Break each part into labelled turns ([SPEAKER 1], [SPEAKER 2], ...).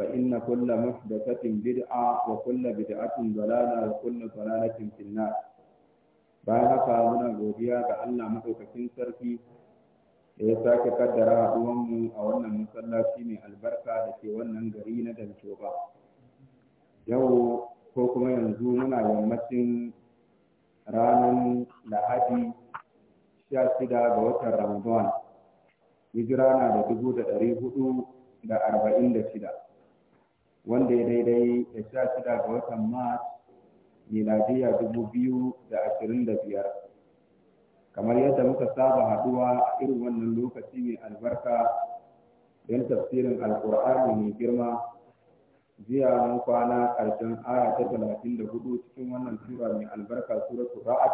[SPEAKER 1] فإن كل محدثة بدعة وكل بدعة ضلالة وكل ضلالة في النار bayan haka muna godiya ga Allah madaukakin sarki da ya sake kaddara haɗuwanmu a wannan masallaci mai albarka da ke wannan gari na ba. Yau ko kuma yanzu muna yammacin ranar Lahadi sha shida ga watan Ramadan. Hijira na da dubu da ɗari hudu da arba'in da shida. wanda ya daidai da sha shida ga watan mars miladiya dubu biyu da ashirin da biyar
[SPEAKER 2] kamar yadda muka saba haduwa
[SPEAKER 1] a irin wannan lokaci mai albarka don tafsirin alkur'ani mai girma jiya mun kwana ƙarshen aya ta talatin da hudu cikin wannan tura mai albarka suratu ra'ad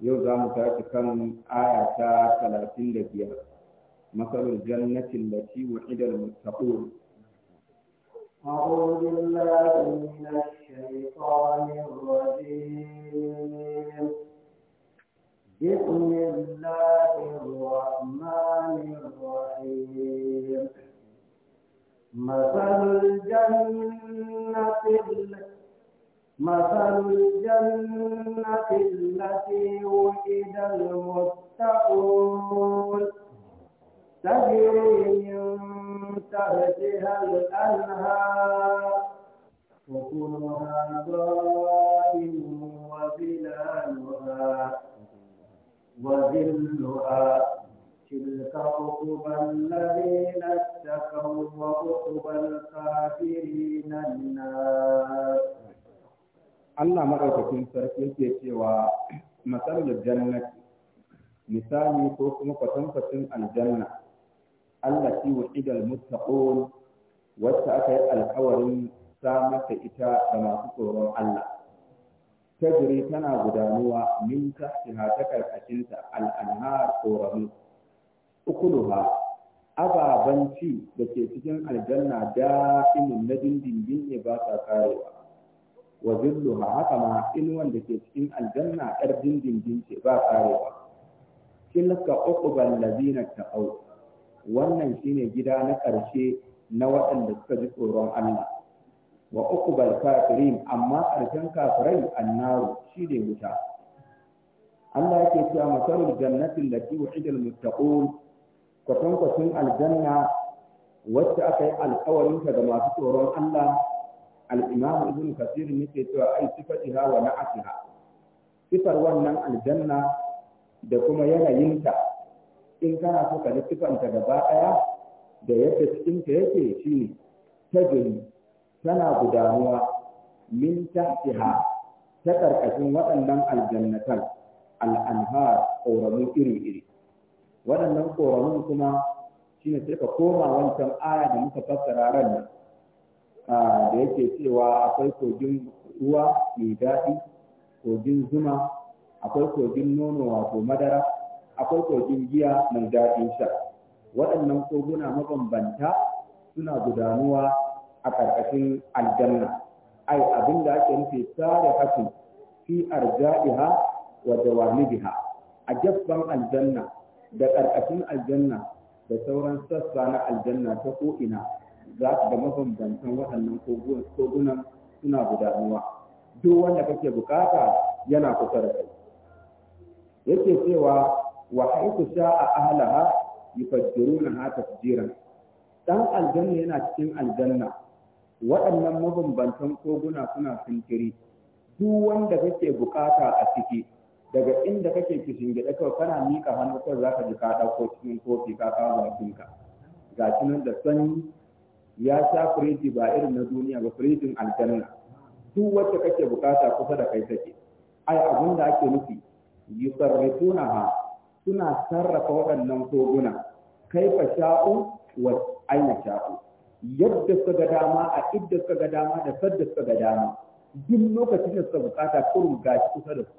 [SPEAKER 1] yau za mu tashi kan aya ta talatin da biyar masalar jannatin ciwon idan mutaɓo
[SPEAKER 2] أعوذ بالله من الشيطان الرجيم بسم الله الرحمن الرحيم مثل الجنة مثل الجنة التي وئد المتقون تجري تحتها الأنهار وكلها ضائم وظلالها وظلها تلك عقبى الذين اتقوا وعقبى الكافرين النار Allah
[SPEAKER 1] maɗaukakin sarki yake cewa matsalar jannati misali ko kuma kwatankwacin aljanna wa wa'ida almuttaqun wacce aka yi alkawarin samar da ita da masu tsoron Allah Tajiri tana gudanuwa min tahtiha ta karkashinta al'anhar tsoron ukuluha ababen ci da ke cikin aljanna da'imin na dindindin ne ba sa karewa wa zilluha haka ma inuwan da ke cikin aljanna ɗar dindindin ce ba karewa tilka uqbal ladina taqaw wannan shine gida na ƙarshe na waɗanda suka ji tsoron Allah wa bal kafirin amma ƙarshen kafirai annaru shi ne wuta Allah yake cewa masalul jannatin da wu'ida almuttaqun kwatan kwatan aljanna wacce aka yi alƙawarin ta ga masu tsoron Allah al-Imam Ibn Kathir yake cewa ai hawa na na'atiha sifar wannan aljanna da kuma yanayinta in kana so ka littafanta gaba ɗaya da yadda cikinta yake shi ta gani tana gudanuwa min tahtiha ta ƙarƙashin waɗannan aljannatan al'anhar ƙoramu iri-iri waɗannan ƙoramun kuma ne sai ka koma wancan aya da muka fassara ran nan da yake cewa akwai kogin ruwa mai daɗi kogin zuma akwai kogin nono wato madara akwai kogin giya mai daɗin sha waɗannan koguna mabambanta suna gudanuwa a ƙarƙashin aljanna ai abin da ake nufi tare hakan fi arja'iha wa jawanibiha a jabban aljanna da ƙarƙashin aljanna da sauran sassa na aljanna ta ko'ina za su da mabambantan waɗannan kogunan suna gudanuwa duk wanda kake bukata yana kusa da kai yake cewa wa haiku sha'a ahlaha yufajjirunaha tafjiran dan aljanna yana cikin aljanna waɗannan mabambantan koguna suna sinkiri duk wanda kake bukata a ciki daga inda kake kishingide kawai kana mika hannu za ka ji ka cikin kofi ka kawo bakinka ga shi da sanyi ya sha firiji ba irin na duniya ba firijin aljanna duk wacce kake bukata kusa da kai take ai abinda ake nufi yusarrifunaha suna sarrafa waɗannan koguna kaifa sha'u wa aina sha'u yadda suka ga dama a idda suka ga dama da sadda suka ga dama duk lokacin da suka bukata kurum gashi kusa da su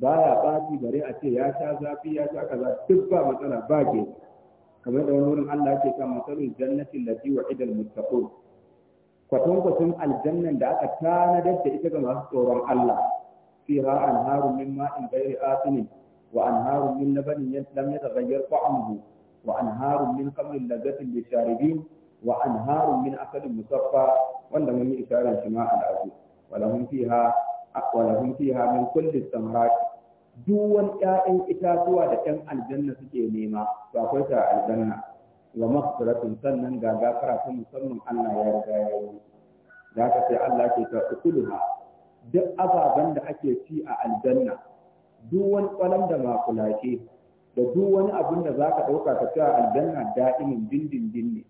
[SPEAKER 1] ya ɓaci bare a ce ya sha zafi ya sha kaza duk ba matsala ba ke kamar da wani wurin Allah ke ta matsalin jannatin lati wa idan muttaqun kwaton aljannan da aka tanadar da ita ga masu tsoron Allah fiha anharun min ma'in ghairi asinin وأنهار من لبن لم يتغير طعمه وأنهار من خمر لذة للشاربين وأنهار من أكل مصفى ولهم إشارة شماء العزيز ولهم فيها ولهم فيها من كل الثمرات دون كائن إتاتوا لكم الجنة في نيمة فأخذها الجنة ومغفرة سنن غافرة مسمى الله يا رجال ذاك في الله كي تأكلها duk ababen da ake ci a aljanna duk wani kwalam da makulake da duk wani abin da za ka ɗauka ka cewa aljanna da'imin dindindin ne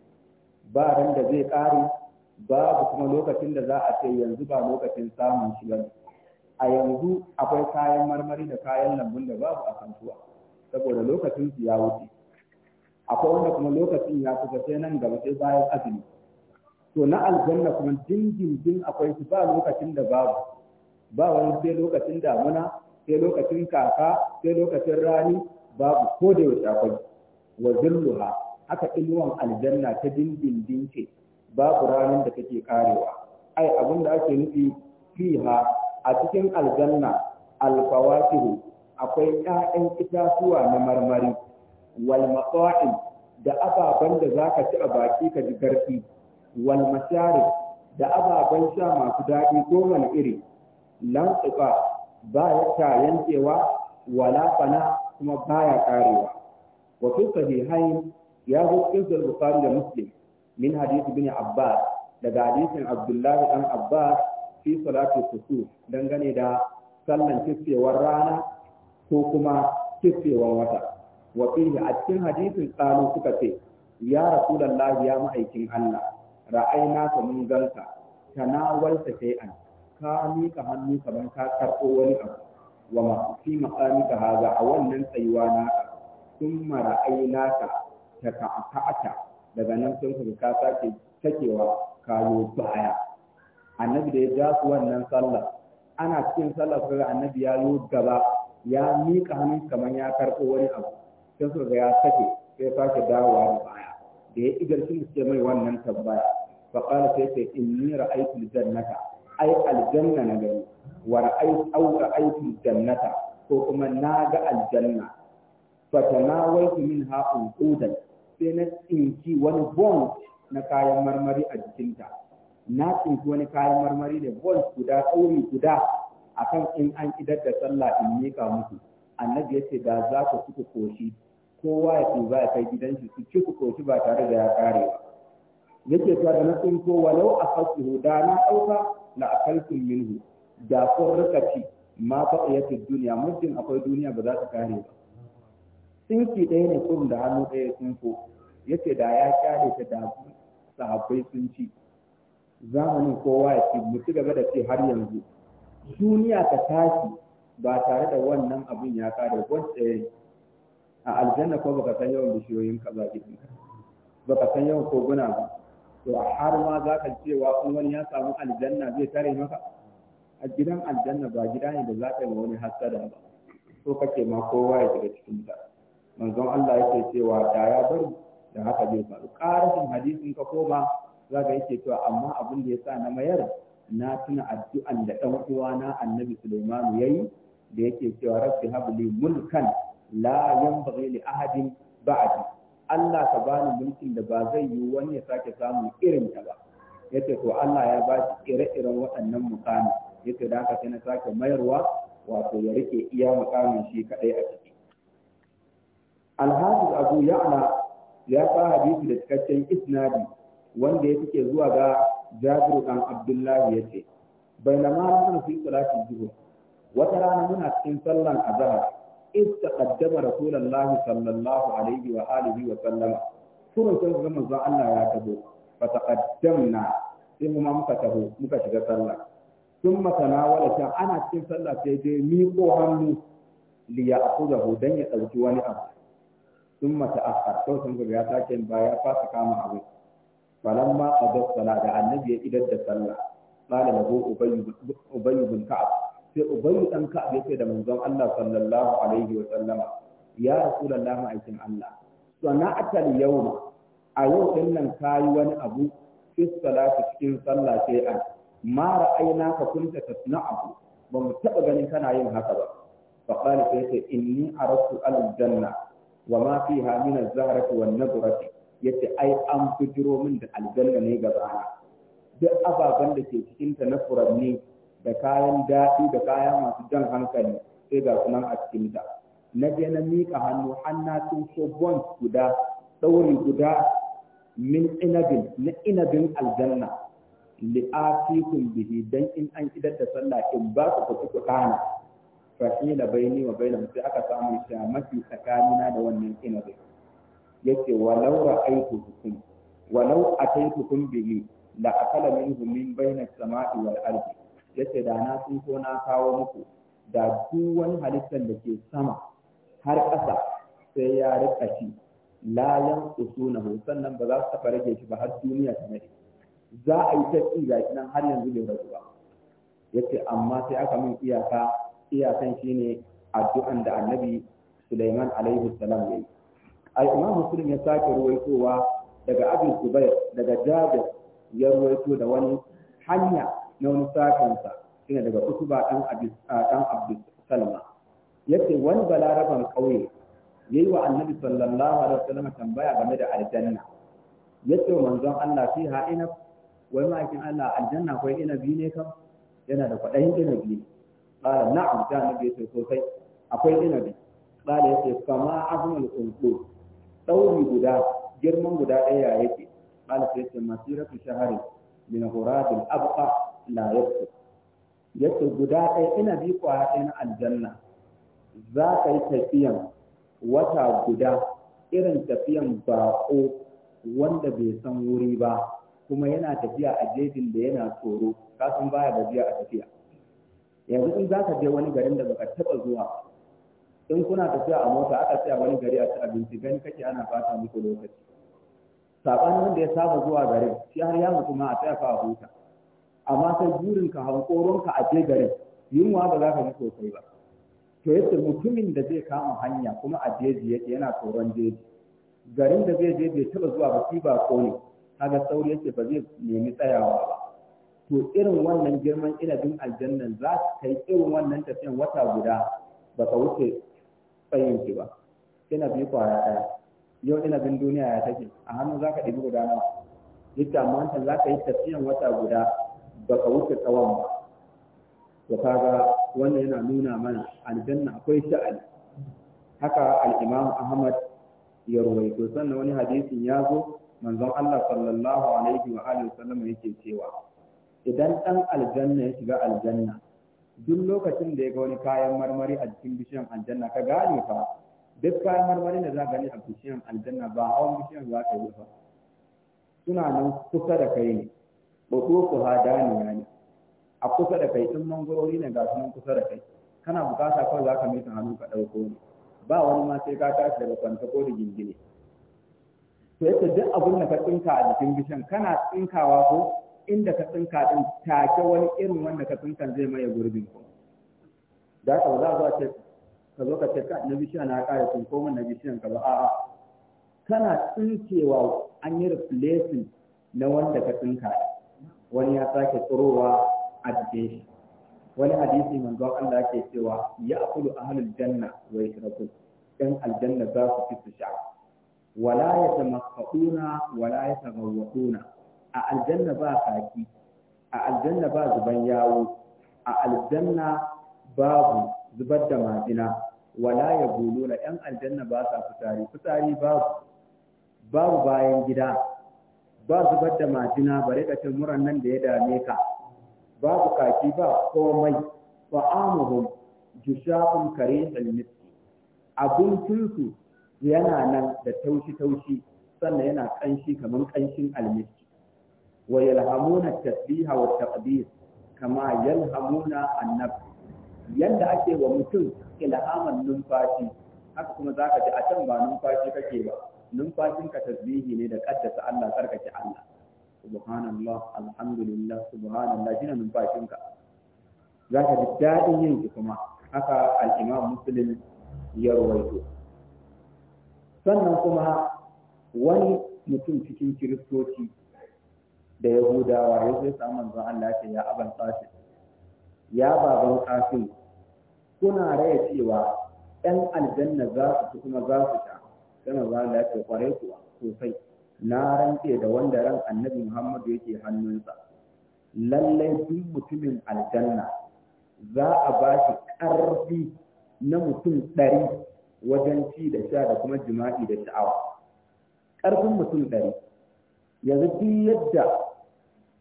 [SPEAKER 1] ba ran da zai ƙare babu kuma lokacin da za a ce yanzu ba lokacin samun shi bane a yanzu akwai kayan marmari da kayan lambun da babu a kantuwa saboda lokacin su ya wuce akwai wanda kuma lokacin ya kusa sai nan gaba sai bayan azumi to na aljanna kuma dindindin akwai su ba lokacin da babu ba wani sai lokacin damuna sai lokacin kaka sai lokacin rani babu ko da yaushe akwai wa zulluha haka inuwan aljanna ta dindindin ce babu ranar da take karewa ai abin da ake nufi fiha a cikin aljanna alfawatihu akwai ƴaƴan itatuwa na marmari wal da ababen da zaka ci a baki ka ji garfi wal masharib da ababen sha masu daɗi goma na iri lan ba ya ta yankewa wala fana kuma baya karewa wa fi sahihain ya zo cikin sahih bukhari da muslim min hadisi bin abbas daga hadisin abdullahi dan abbas fi salati kusuf dangane da sallan kifewar rana ko kuma kiffewar wata wa fi a cikin hadisin tsano suka ce ya rasulullahi ya ma'aikin Allah ra'ayna ka mun ganka tanawalta shay'an ka miƙa hannu kamar ka karɓo wani abu wa ma fi maqamika haza a wannan tsayuwa naka ka ta taka'ata daga nan sun ka ka sake takewa kayo baya annabi da ya ja su wannan sallah ana cikin sallah sai annabi ya yo gaba ya miƙa hannu kamar ya karɓo wani abu sai suka ya sake sai sake dawowa da baya da ya igarci sun ce mai wannan tambaya fa qala sai sai inni ra'aytu jannata ai aljanna na gani wa ra'aytu aw jannata ko kuma na ga aljanna fa tanawaitu minha uqudan sai na tsinki wani bond na kayan marmari a jikinta na tsinki wani kayan marmari da bond guda tsauri guda akan in an idar da sallah in mika musu annabi yace da za ku kuka koshi kowa ya tuba ya kai gidan shi su ku koshi ba tare da ya kare ba yake cewa da na ko walau a fasihu da na ɗauka a akaltum minhu da kun rika ci ma baqiyatu duniya muddin akwai duniya ba za ta kare ba tsinki ɗaya ne kurum da hannu ɗaya sun ko yake da ya kyale ta da sahabbai sun ci zamanin kowa ya ci mu gaba da ce har yanzu duniya ta tashi ba tare da wannan abin ya kare ne. a aljanna ko baka san yawan bishiyoyin ka ba ka san yawan koguna ba to har ma za ka cewa in wani ya samu aljanna zai tare maka a gidan aljanna ba gida ne da za ka yi wani hasada ba so kake ma kowa ya shiga cikin ta manzon Allah yake cewa da ya bari da haka zai faru karin hadisin ka koma za ka yake cewa amma abin da ya sa na mayar na tuna addu'an da ɗan uwana annabi Sulaimanu ya yi da yake cewa rabbi habli mulkan la yanbaghi li ahadin ba'di Allah ka bani mulkin da ba zai yi wani ya sake samu irin ta ba yace to Allah ya ba shi ire-iren waɗannan mukami yace da haka sai na sake mayarwa wato ya rike iya mukamin shi kadai a ciki Alhaji Abu Ya'la ya sa hadisi da cikakken isnadi wanda ya fike zuwa ga Jabir dan Abdullah yace bainama nahnu fi salati dhuhr wata rana muna cikin sallan azhar istaqaddama rasulullahi sallallahu alaihi wa alihi wa sallama kurun sai ga manzo Allah ya tabo fa na. sai mu muka taho, muka shiga sallah thumma tanawala ta ana cikin sallah sai dai miƙo hannu li ya'khudhu dan ya dauki wani abu thumma ta'akhkhar to sun ga ya take ba ya fasa kama abu falamma qada sala da annabi ya idar da sallah qala lahu ubayy ubayy bin ka'ab sai ubayi dan ka ya ce da manzon Allah sallallahu alaihi wa sallama ya aikin Allah sana'atal yawma a yau din nan kayi wani abu fi salati cikin sallah sai an ma ra'ayna ka kunta abu, ba mu taba ganin kana yin haka ba fa qala sai ce inni aratu al-janna wa ma fiha min az-zahrati wan-nadrati yace ai an fitiro min da aljanna ne gaba na duk ababen da ke cikin ta na furanni da kayan daɗi da kayan masu jan hankali sai ga sunan a cikin ta na je na miƙa hannu hanna sun so bon guda ɗauri guda min inabin na inabin aljanna li'atikun bihi dan in an idar da sallah in ba ku ku ku kana fahila baini wa bainahum sai aka samu mafi tsakanina da wannan inabi yake walau kum walau kum bihi la akala minhu min bayna samai wal ardi yace da na sun so na kawo muku da duk wani halittar da ke sama har ƙasa sai ya riƙa shi layan yan usuna sannan ba za su taɓa rage shi ba har duniya ta mai za a yi ta ga nan har yanzu bai rasu ba yace amma sai aka min iyaka iyakan ne addu'an da annabi Sulaiman alaihi salam yi ai imam muslim ya sake ruwaitowa daga abin zubair daga jabir ya ruwaito da wani hanya na wani sakansa shine daga kutuba ɗan abis dan abdus wani wani balaraban ya yayi wa annabi sallallahu alaihi wasallam tambaya game da aljanna wa manzon Allah fi ha'ina, wai ma'aikin Allah aljanna akwai biyu ne kam yana da kwaɗayin biyu. ƙara na'am ta nabi yace sosai akwai ina inabi ƙara ce kama azmul qulqul ɗauri guda girman guda ɗaya yake ƙara sai masu masiratu shahari min huradil abqa la guda ɗaya ina bi kwaya ɗaya na aljanna za ka yi tafiyan wata guda irin tafiyan baƙo wanda bai san wuri ba kuma yana tafiya a jejin da yana tsoro kasan baya gajiya a tafiya yanzu in za ka je wani garin da baka taɓa zuwa in kuna tafiya a mota aka tsaya wani gari a ci abinci gani kake ana fata muku lokaci saɓanin wanda ya saba zuwa garin shi har ya mutu ma a tsaya fa a huta amma sai burinka hankoronka a je garin yunwa ba za ka ji sosai ba to yadda mutumin da zai kama hanya kuma a jeji yake yana tsoron jeji garin da zai je bai taba zuwa ba ba ko ne kaga sauri yake ba zai nemi tsayawa ba to irin wannan girman inabin aljannan za su kai irin wannan tafiyan wata guda ba ka wuce tsayinki ba ina bi kwaya ɗaya yau ina bin duniya ya take a hannu za ka ɗibi guda nawa duk da wancan za ka yi tafiyan wata guda ba ka wuce tsawon ba to kaga wannan yana nuna mana aljanna akwai sha'ani haka al-Imam Ahmad ya rawaito sannan wani hadisin ya zo manzon Allah sallallahu alaihi wa alihi wasallam yake cewa idan dan aljanna ya shiga aljanna duk lokacin da ya ga wani kayan marmari a cikin bishiyan aljanna ka gane fa duk kayan marmari da za gani a bishiyan aljanna ba hawan bishiyan za ka yi ba suna nan kusa da kai ne ba ko ku hadaniya ne a kusa da kai in mangorori ne ga sunan kusa da kai kana bukata kawai za ka mita hannu ka ɗauko ne ba wani ma sai ka tashi daga kwanta ko da gingine to yadda duk abin da ka tsinka a jikin bishan kana tsinkawa ko inda ka tsinka din take wani irin wanda ka tsinka zai maye gurbin ku da ka za a ce ka zo ka ce ka na bishan na kare tsinko min na bishan ka ba a'a kana tsinkewa an yi replacing na wanda ka tsinka wani ya sake tsirowa a jike shi wani hadisi manzon Allah ke cewa ya akulu ahlul janna wa yashrabu dan aljanna za su fi su sha wala yatamakkuna wala yatagawwakuna a aljanna ba kaki a aljanna ba zuban yawo a aljanna babu zubar da majina wala ya buluna yan aljanna ba sa fitari fitari babu babu bayan gida ba zubar da majina ba rika cin muran nan da ya dame ka babu kaki ba komai fa'amuhum jusha'un kare Abun abincinsu yana nan da taushi-taushi sannan yana kanshi kamar kanshin almiski wa yalhamuna tasbiha wa taqdir kama yalhamuna annab yanda ake wa mutum ilhaman numfashi haka kuma zaka ji a can ba numfashi kake ba numfashinka tasbihi ne da kaddasa Allah tsarkake Allah subhanallah alhamdulillah subhanallah shine numfashinka za ka ji daɗin yin shi kuma haka al-imam muslim ya rawaito sannan kuma wani mutum cikin kiristoci da yahudawa ya zai samu manzon Allah ce ya aban tsafi ya baban tsafi kuna raya cewa ɗan aljanna za su kuma za su sha sai ba da ya kwarai kuwa sosai na rantse da wanda ran annabi Muhammadu yake hannunsa lallai duk mutumin aljanna za a ba shi ƙarfi na mutum ɗari wajen ci da sha da kuma jima'i da sha'awa ƙarfin mutum ɗari yanzu duk yadda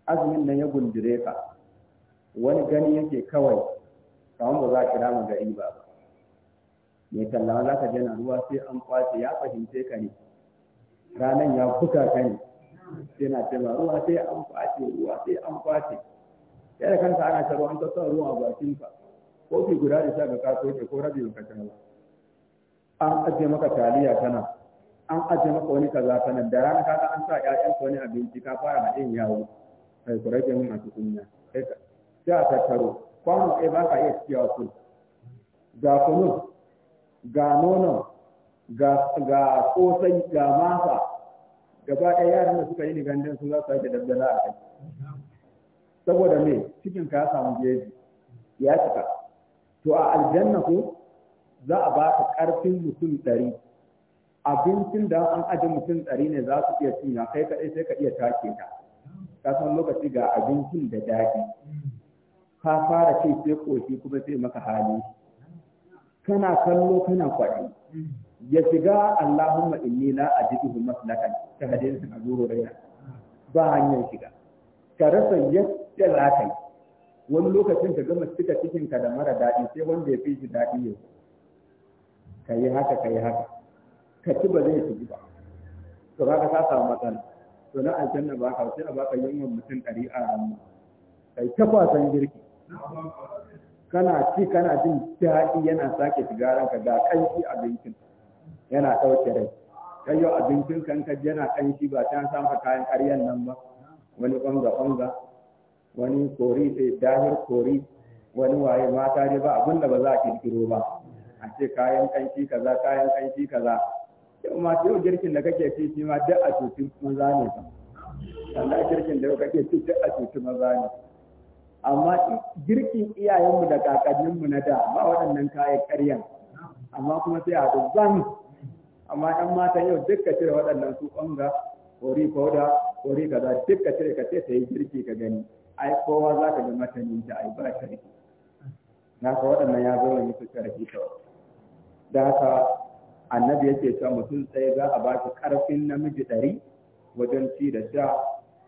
[SPEAKER 1] azumin nan ya gundure ka wani gani yake kawai kawai ba za a kira mu gari ba ba mai tallawa za ka jana ruwa sai an kwace ya fahimce ka ne ranan ya buka ka ne sai na ce ruwa sai an kwace ruwa sai an kwace sai da kanka ana sharuwa an tattara ruwa a bakin ka kofi guda da sha ga ka soke ko rabi ka tana an ajiye maka taliya kana an ajiye maka wani kaza kana da rana kaga an sa ƴaƴan ka wani abinci ka fara haɗin yawo kai ku rage min a cikin nan sai a tattaro kwano ai ba ka iya ciyawa kun ga kunun ga nonon ga kosai ga masa gaba ɗaya yaran da suka yi ni gandun su za su sake daddala a kai saboda me cikin ka samu jeji ya cika to a aljanna ko za a ba baka karfin mutum ɗari abincin da an aje mutum ɗari ne za su iya cinya kai kaɗai sai ka iya take ka ka san lokaci ga abincin da daɗi ka fara ce sai ƙoshi kuma sai maka hali kana kallo kana kwaɗi ya shiga Allahumma inni la ajidu maslakan ta hadisin azuru raina ba hanyar shiga ka rasa yadda za ka wani lokacin ka gama cika cikin ka da mara daɗi sai wanda ya fi shi daɗi yau ka yi haka ka yi haka ka ci ba zai ci ba to za ka samu matsala to na aljanna ba ka sai a baka yunwan mutum ɗari a hannu kai ta kwasan girki kana ci kana jin daɗi yana sake shiga ranka da kanshi abincin yana ɗauke rai kai yau abincin kanka yana kanshi ba ta ka kayan ƙaryan nan ba wani ƙwanga ƙwanga wani kori sai dahir kori wani waye mata ne ba abin da ba za a kirkiro ba a ce kayan kanshi kaza kayan kanshi kaza yau ma yau girkin da kake ci shi ma duk a tutun maza ne ba sannan girkin da kake ci duk a tutun maza ne amma girkin iyayenmu da kakanninmu na da ba waɗannan kayan karya amma kuma sai a dubban amma ɗan mata yau dukka cire waɗannan su ƙonga kori fauda kori kaza dukka cire ka ce ta yi girki ka gani ai kowa za ka ga matanin ta ai ba sharki na ka waɗannan ya zo ne su sharki kawai da haka annabi yake cewa mutum tsaye za a ba shi ƙarfin namiji ɗari wajen ci da sha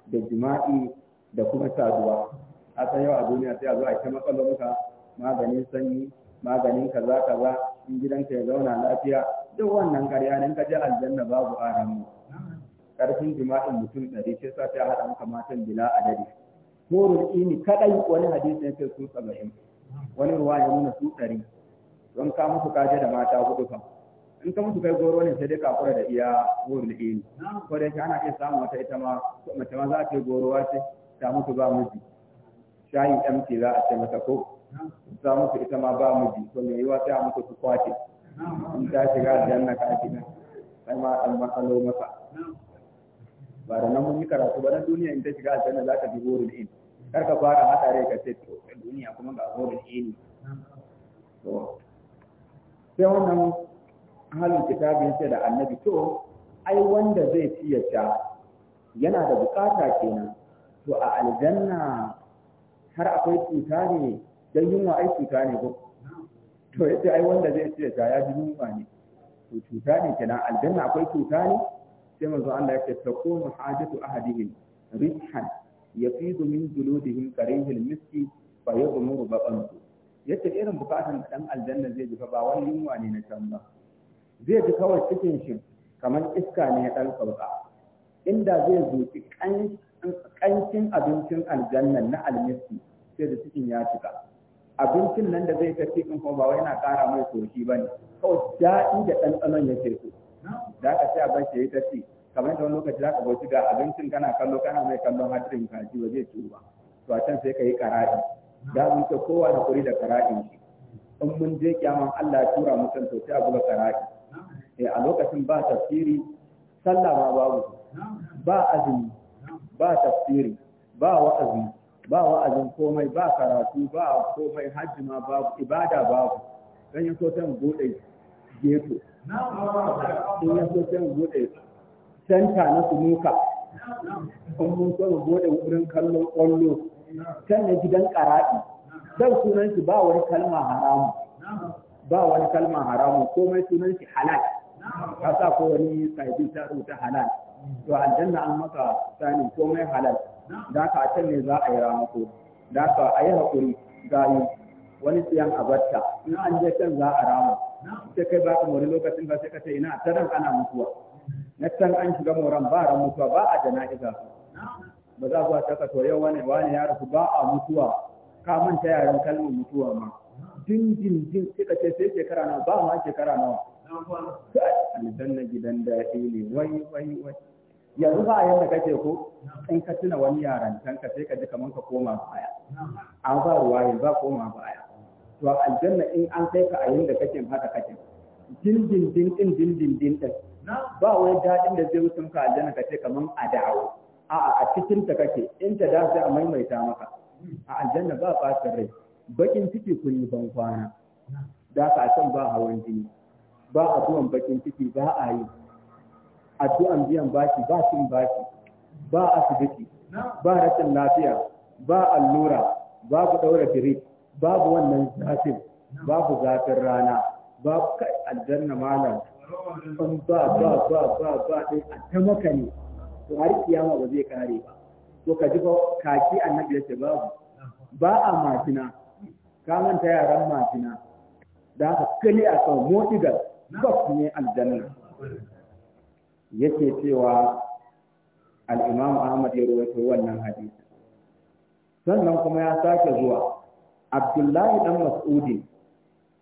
[SPEAKER 1] da jima'i da kuma saduwa a san yau a duniya sai a zo a ta matsalolinka maganin sanyi maganin kaza kaza in gidanka ya zauna lafiya duk wannan karya ne ka je aljanna babu aramu karfin jima'in mutum ɗari sai sa ta haɗa maka matan bila a dare nurul ini kaɗai wani hadisi ne ce su saba'in wani ruwa ya nuna su ɗari don ka musu kaje da mata hudu fa in ka musu kai goro ne sai dai ka kura da iya nurul ini ko dai ana iya samun wata ita ma mace ma za ta yi gorowa ce ta mutu ba miji shayi mt za a ce mata ko za musu ita ma ba mu bi ko me yiwa sai a musu su kwace
[SPEAKER 2] in ta shiga aljanna
[SPEAKER 1] ka ake nan sai ma an matsalo masa ba da nan mun yi karatu ba na duniya in ta shiga aljanna za ka bi horin in kar ka fara haɗa ka ce to duniya kuma ga horin in sai wannan halin kitabin ce da annabi to ai wanda zai ci yana da bukata kenan to a aljanna har akwai cuta ne don yunwa ai cuta ne ko to ce, ai wanda zai ce ta ya ji yunwa ne to cuta ne kenan aljanna akwai cuta ne sai manzo Allah ya ce takunu hajatu ahadihim rifhan yafidu min juludihim karihil miski fa yadmuru babanku yace irin bukatan dan aljanna zai ji fa ba wani yunwa ne na can ba zai ji kawai cikin shi kamar iska ne ya dan sauka inda zai zuci kancin abincin aljanna na almiski sai da cikin ya cika abincin nan da zai tafi in kuma ba wai yana ƙara mai soki ba ne kawai daɗi da ɗanɗanon ya ce so da ka sai abin shi ya tafi kamar da wani lokaci za ka bauci ga abincin kana kallo kana mai kallon hadirin kaji ba zai ciwo ba to a can sai ka yi karaɗi da mun ce kowa hakuri da karaɗin shi in mun je kyaman Allah ya tura mutum to sai a buga karaɗi eh a lokacin ba tafsiri sallah ma babu ba azumi ba tafsiri ba wa'azi ba wa'azin komai ba karatu ba komai hajji ma babu ibada babu dan yaso so bude gefe
[SPEAKER 2] dan yaso
[SPEAKER 1] so bude santa na sunuka in mun so bude wurin kallon kallo Kan ne gidan karaɗi dan sunan shi ba wani kalma haramu ba wani kalma haramu komai sunan shi halal ka sa ko wani bi ta halal to aljanna an maka sani komai halal da ka a can ne za a yi ramako da ka a yi haƙuri gayu wani siyan abarta in an je can za a rama sai kai ba ka mori lokacin ba sai ka ce ina ta ana mutuwa na can an shiga moran ba ran mutuwa ba a jana'iza ba za ku ta kaso yau wani wani ya rasu ba a mutuwa ka manta yaren kalmar mutuwa ma din din din sai ce sai shekara nawa ba ma shekara nawa sai aljanna gidan daɗi ne wai wai wai yanzu ba yadda kake ko in ka tuna wani yaran can ka sai ka ji kamar ka koma baya an ba ruwa ba koma baya to aljanna in an kai ka a yanda kake haka kake dindin dindin dindin dindin ba wai daɗin da zai wuce ka aljanna kace kamar a da'awa a'a a cikin ta kake in ta da sai a maimaita maka a aljanna ba fatin rai bakin ciki kun yi ban kwana da ka san ba hawan jini ba a bakin ciki ba a yi addu'an biyan baki ba cin baki ba asibiti ba rashin lafiya ba allura babu daura firi babu wannan zafin babu zafin rana babu kai aljanna malam
[SPEAKER 2] in ba ba ba ba ba din a
[SPEAKER 1] tamaka ne to har kiyama ba zai kare ba to ka ji ba kaki annabi ya ce babu ba a majina ka manta yaran majina da haka kali a kan motsigar bak ne aljanna yake cewa al-Imam Ahmad ya rawaito wannan hadisi sannan kuma ya sake zuwa Abdullahi dan Mas'udi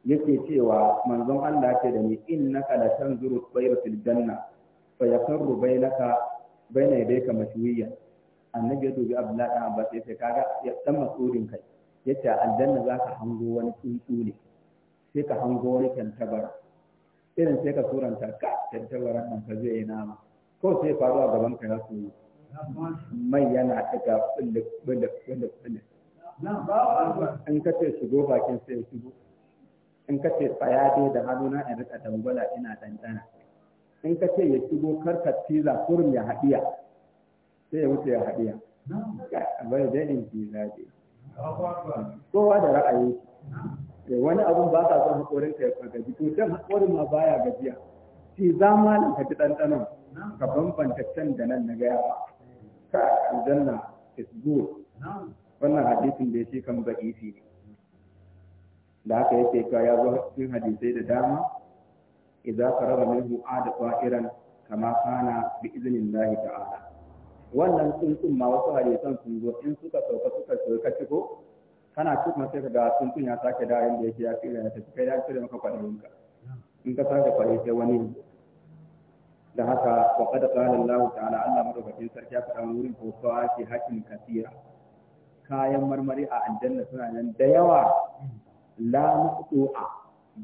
[SPEAKER 1] yake cewa manzon Allah ce da ni innaka la tanzuru bayra fil janna fa yaqarru bainaka baina yadayka mashwiya annabi ya dubi Abdullahi dan Abbas sai kaga ya dan Mas'udin kai yace aljanna zaka hango wani tsuntsu ne sai ka hango wani kyantabar. irin sai ka suranta ka tattabaran nan ka zai yi nama ko sai faru gaban ka ya koyi. mai yana daga bullik bullik bullik bullik in ka ce shigo bakin sai shigo in ka ce tsayade dai da hannuna in rika dangwala ina dandana in ka ce ya shigo karka tiza kurum ya haɗiya sai ya wuce ya haɗiya bai da in tiza dai kowa da ra'ayi wani abun ba ka son hakorin ka ya gaji to dan hakorin ma baya gajiya shi za malam ka ji ɗanɗanon ka bambanta can da nan na gaya ba ka aljanna na good wannan hadisin da yake kan ba'ifi ne da haka yake ka ya zo cikin hadisai da dama idza qaraba minhu ada ta'iran kama kana bi idnillahi ta'ala wannan tsuntsun ma wasu hadisan sun zo in suka sauka suka sauka ciko kana kuma sai ka ga tuntun ya sake da inda yake ya tsira ya tafi kai da tsira maka ka in ka sake kwaɗayi sai wani da haka wa qad qala Allah ta'ala Allah madaukakin sarki ya fada wurin ko ke hakin kasira kayan marmari a aljanna suna nan da yawa la muqtu'a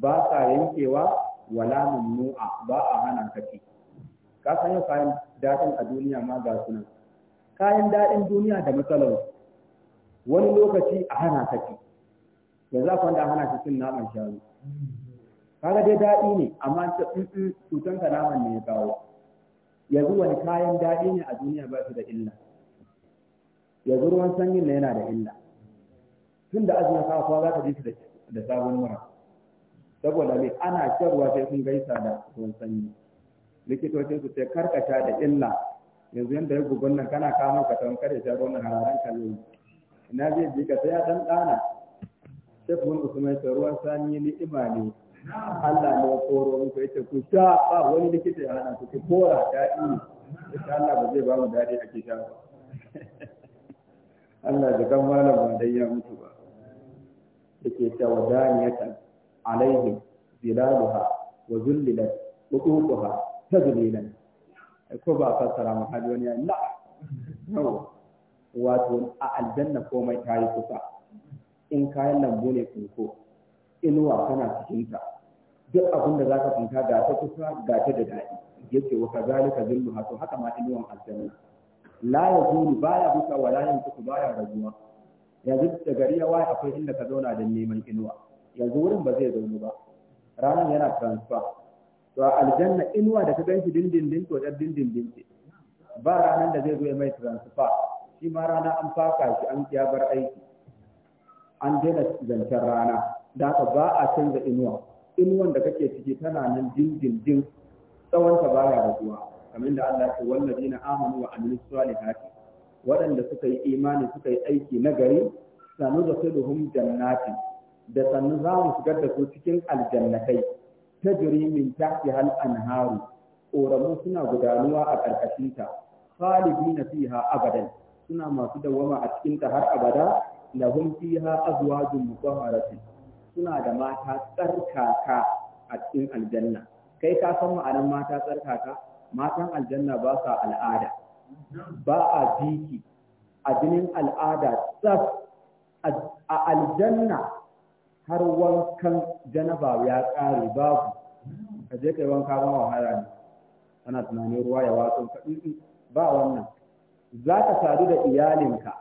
[SPEAKER 1] ba sa yankewa wala mumnu'a ba a hana kaki. ka san yau kayan daɗin a duniya ma ga sunan kayan daɗin duniya da matsalar wani lokaci a hana ka ci yanzu a kwanda hana shi cin naman shanu kaga dai daɗi ne amma ta tsuntsu cutan ka naman ne ya kawo yanzu wani kayan daɗi ne a duniya ba su da illa yanzu ruwan sanyin na yana da illa tun da azumin ka kuwa za ka ji su da sabon mura saboda me ana shan sai sun gaisa da ruwan sanyi likitocin su sai karkata da illa yanzu yanda ya gugunan nan kana kama ka tankar da shan ruwan hararan kalmomi ina zai je ka sai ya dan dana sai kuma usman ta ruwan sani ni imani Allah ne ya koro muku yace ku sha ba wani likita ya hana ku ki kora daɗi insha Allah ba zai ba mu dadi a kisha ba Allah da kan malam ban dai ya mutu ba yake ta wadaniyatan alaihi zilaluha wa zullilat uququha tazlilan ko ba fassara mu hali wani ya la wato a aljanna komai ta yi kusa in kayan lambu ne kunko inuwa kana cikinta duk abin da za ka tsinka ga ta kusa ga ta da daɗi yace wa kazalika zillu hato haka ma inuwan aljanna la yazulu baya buka wa la ba baya raguwa yanzu da gari ya waye akwai inda ka zauna da neman inuwa yanzu wurin ba zai zaunu ba ranar yana transfer to a aljanna inuwa da ka ganshi dindindin to ɗan dindindin ba ranar da zai zo ya mai transfer shi ma rana an faka shi an ya bar aiki an daina zancen rana da haka ba a canza inuwa inuwan da kake ciki tana nan dindindin tsawonta baya zuwa kamar da Allah ya ce ladina amanu wa amilu salihati waɗanda suka yi imani suka yi aiki na gari sanu da suluhum jannati da sannu za mu shigar da su cikin aljannatai ta jiri min tahti hal anharu ƙoramu suna gudanuwa a ƙarƙashinta khalidina fiha abadan suna masu dawama a cikin ta har abada lahum fiha azwajun mutahharatin suna da mata tsarkaka a cikin aljanna kai ka san ma'anar mata tsarkaka matan aljanna ba sa al'ada ba a biki a jinin al'ada tsaf a aljanna har wankan janaba ya kare babu ka je kai wanka ba wahala ne ana tunanin ruwa ya watsa ba wannan za ka sadu da iyalinka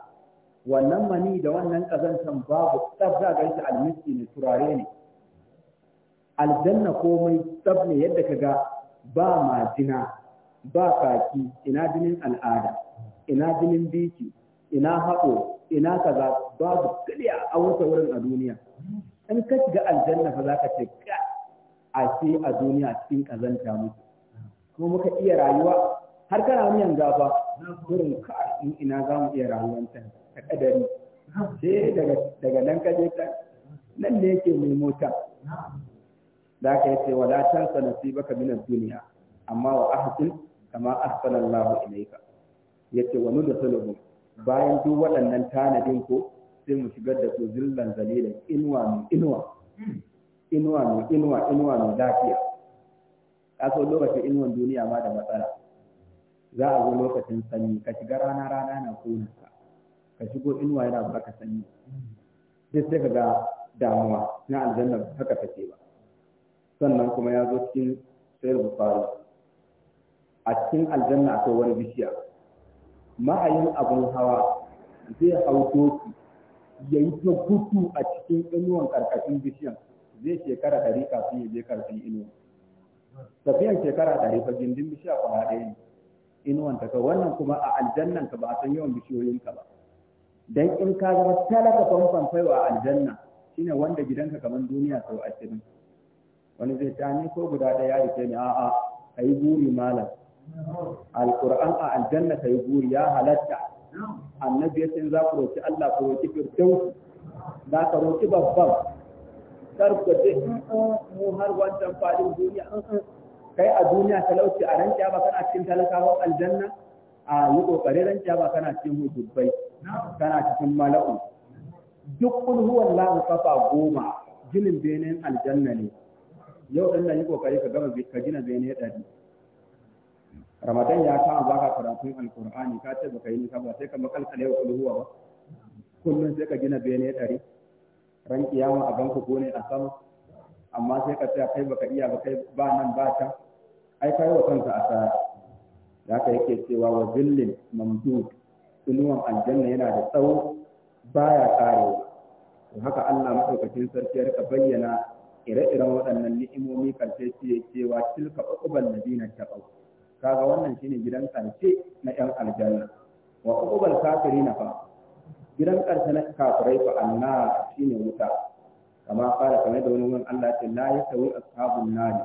[SPEAKER 1] wannan mani da wannan ƙazantar babu tsaf za ka yi almiski ne turare ne aljanna komai tsab ne yadda ka ga ba majina ba kaki ina jinin al'ada ina jinin biki ina haƙo ina kaza babu kiliya a wata wurin a duniya in ka shiga aljanna fa za ka ce ka a ce a duniya cikin kazanta mutu kuma muka iya rayuwa har kana miyan gafa gurin ka in ina za mu iya rayuwar ta ta kadari sai daga daga nan ka je ta nan ne yake mai mota da ka yace wala sa nasibaka min minar duniya, amma wa ahsin kama ahsana Allah ilayka yace wa nudkhuluhum bayan duk waɗannan tanadin ko sai mu shigar da su zillan zalilan inuwa inuwa mai inuwa inuwa mai lafiya kaso lokacin inuwar duniya ma da matsala za a zo lokacin sanyi ka shiga rana rana na kona ka ka shigo inuwa yana baka sanyi duk sai ka ga damuwa na aljanna haka take ba sannan kuma ya zo cikin sayar bukari a cikin aljanna a wani bishiya ma'ayin abin hawa zai hau doki ya yi ta gudu a cikin inuwan karkashin bishiyan zai shekara ɗari kafin ya je karkashin inuwa tafiyan shekara ɗari fa gindin bishiya kwana ɗaya ne inuwanta wannan kuma a aljannan ka ba a san yawan bishiyoyin ka ba dan in ka zama talaka famfan faiwa a aljanna shine wanda gidanka kaman duniya sau ashirin wani zai ta ah, ni ko guda ɗaya ya ce ni a'a kai buri malam alquran a aljanna kai buri ya halatta annabi ya ce za ku roki Allah ku roki firdaus za ka roki babban kar ku mm, mm, mu har wancan fadin duniya kai a duniya talauci a rantsa ba kana cikin talakawa aljanna a yi kokari rantsa ba kana cikin hudubbai kana cikin mala'u duk kun huwan lahu kafa goma ginin benin aljanna ne yau din nan yi kokari ka gama ka gina bene ɗari
[SPEAKER 2] ramadan ya kama baka
[SPEAKER 1] karatu alkur'ani ka ce baka yi nisa ba sai ka makalkale wa kulhuwa ba kullum sai ka gina bene ɗari ran kiyama a ganku gone a sama amma sai ka tsaya kai baka iya ba kai ba nan ba can ai kai wa kanka asara da haka yake cewa wa zillin mamdud inuwan aljanna yana da tsawo baya karewa to haka Allah madaukakin sarki ya bayyana ire-iren waɗannan ni'imomi karshe ce cewa tilka uqbal ladina taqaw kaga wannan shine gidan karshe na yan aljanna wa uqbal kafirina fa gidan karshe na kafirai fa anna shine wuta kama fara kamar da wani wurin Allah ce la yasawi ashabun nari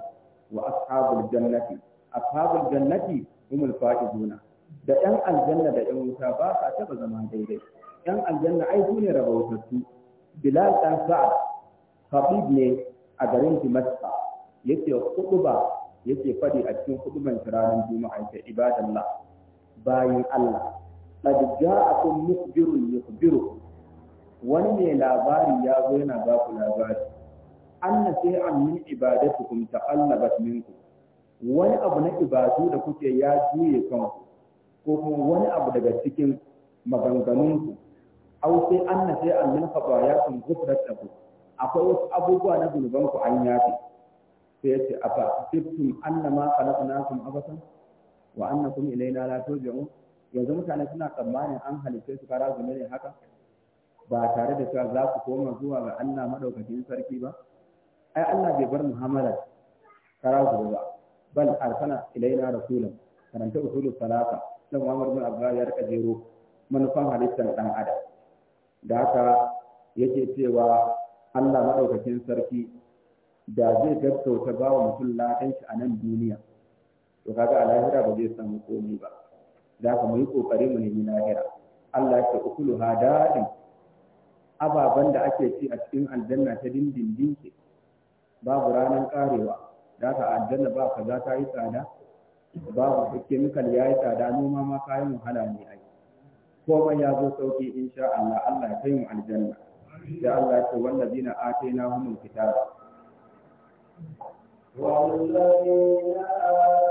[SPEAKER 1] wa ashabul jannati ashabul jannati humul faizuna da 'yan aljanna da 'yan wuta ba sa taɓa zama daidai 'Yan aljanna ai su ne rabautattu bilal ɗan sa'ad habib ne a garin dimashqa yake kuɗuba yake faɗi a cikin kuɗuban ranar juma'a ta ibadallah bayan Allah qad ja'akum mukhbirun yukhbirukum wani mai labari ya zo yana ba ku labari anna sai an min ibadatukum ta'allabat minkum wani abu na ibadu da kuke ya juye kanku ko kuma wani abu daga cikin maganganunku au sai anna sai an min khabayakum ghufrat lakum akwai wasu abubuwa na zunubanku an yafe sai ya ce afa sibtum annama khalaqnakum abatan wa annakum ilaina la turja'un yanzu mutane suna tsammanin an halicce su kara zunubi haka ba tare da cewa za ku koma zuwa ga Allah madaukakin sarki ba ai Allah bai bar muhammadan kara ku ba bal arsana ilaina rasulan karanta usulul Salaka, dan Muhammad bin Abdullah ya rika jero manufan halittar dan adam da haka yake cewa Allah madaukakin sarki da zai gaskauta ba wa mutum ladan a nan duniya to kaga a lahira ba zai samu komai ba da haka mu yi kokari mu nemi lahira Allah ya ce ukulu hadarin ababen da ake ci a cikin aljanna ta dindindin ce babu ranar karewa da ka aljanna ba kaza ta yi tsada babu kemikal ya yi tsada noma ma kayan wahala ne ai komai ya zo sauki insha Allah Allah ya kai mu aljanna sai Allah ya ce wallazina atainahumul kitaba
[SPEAKER 2] والذين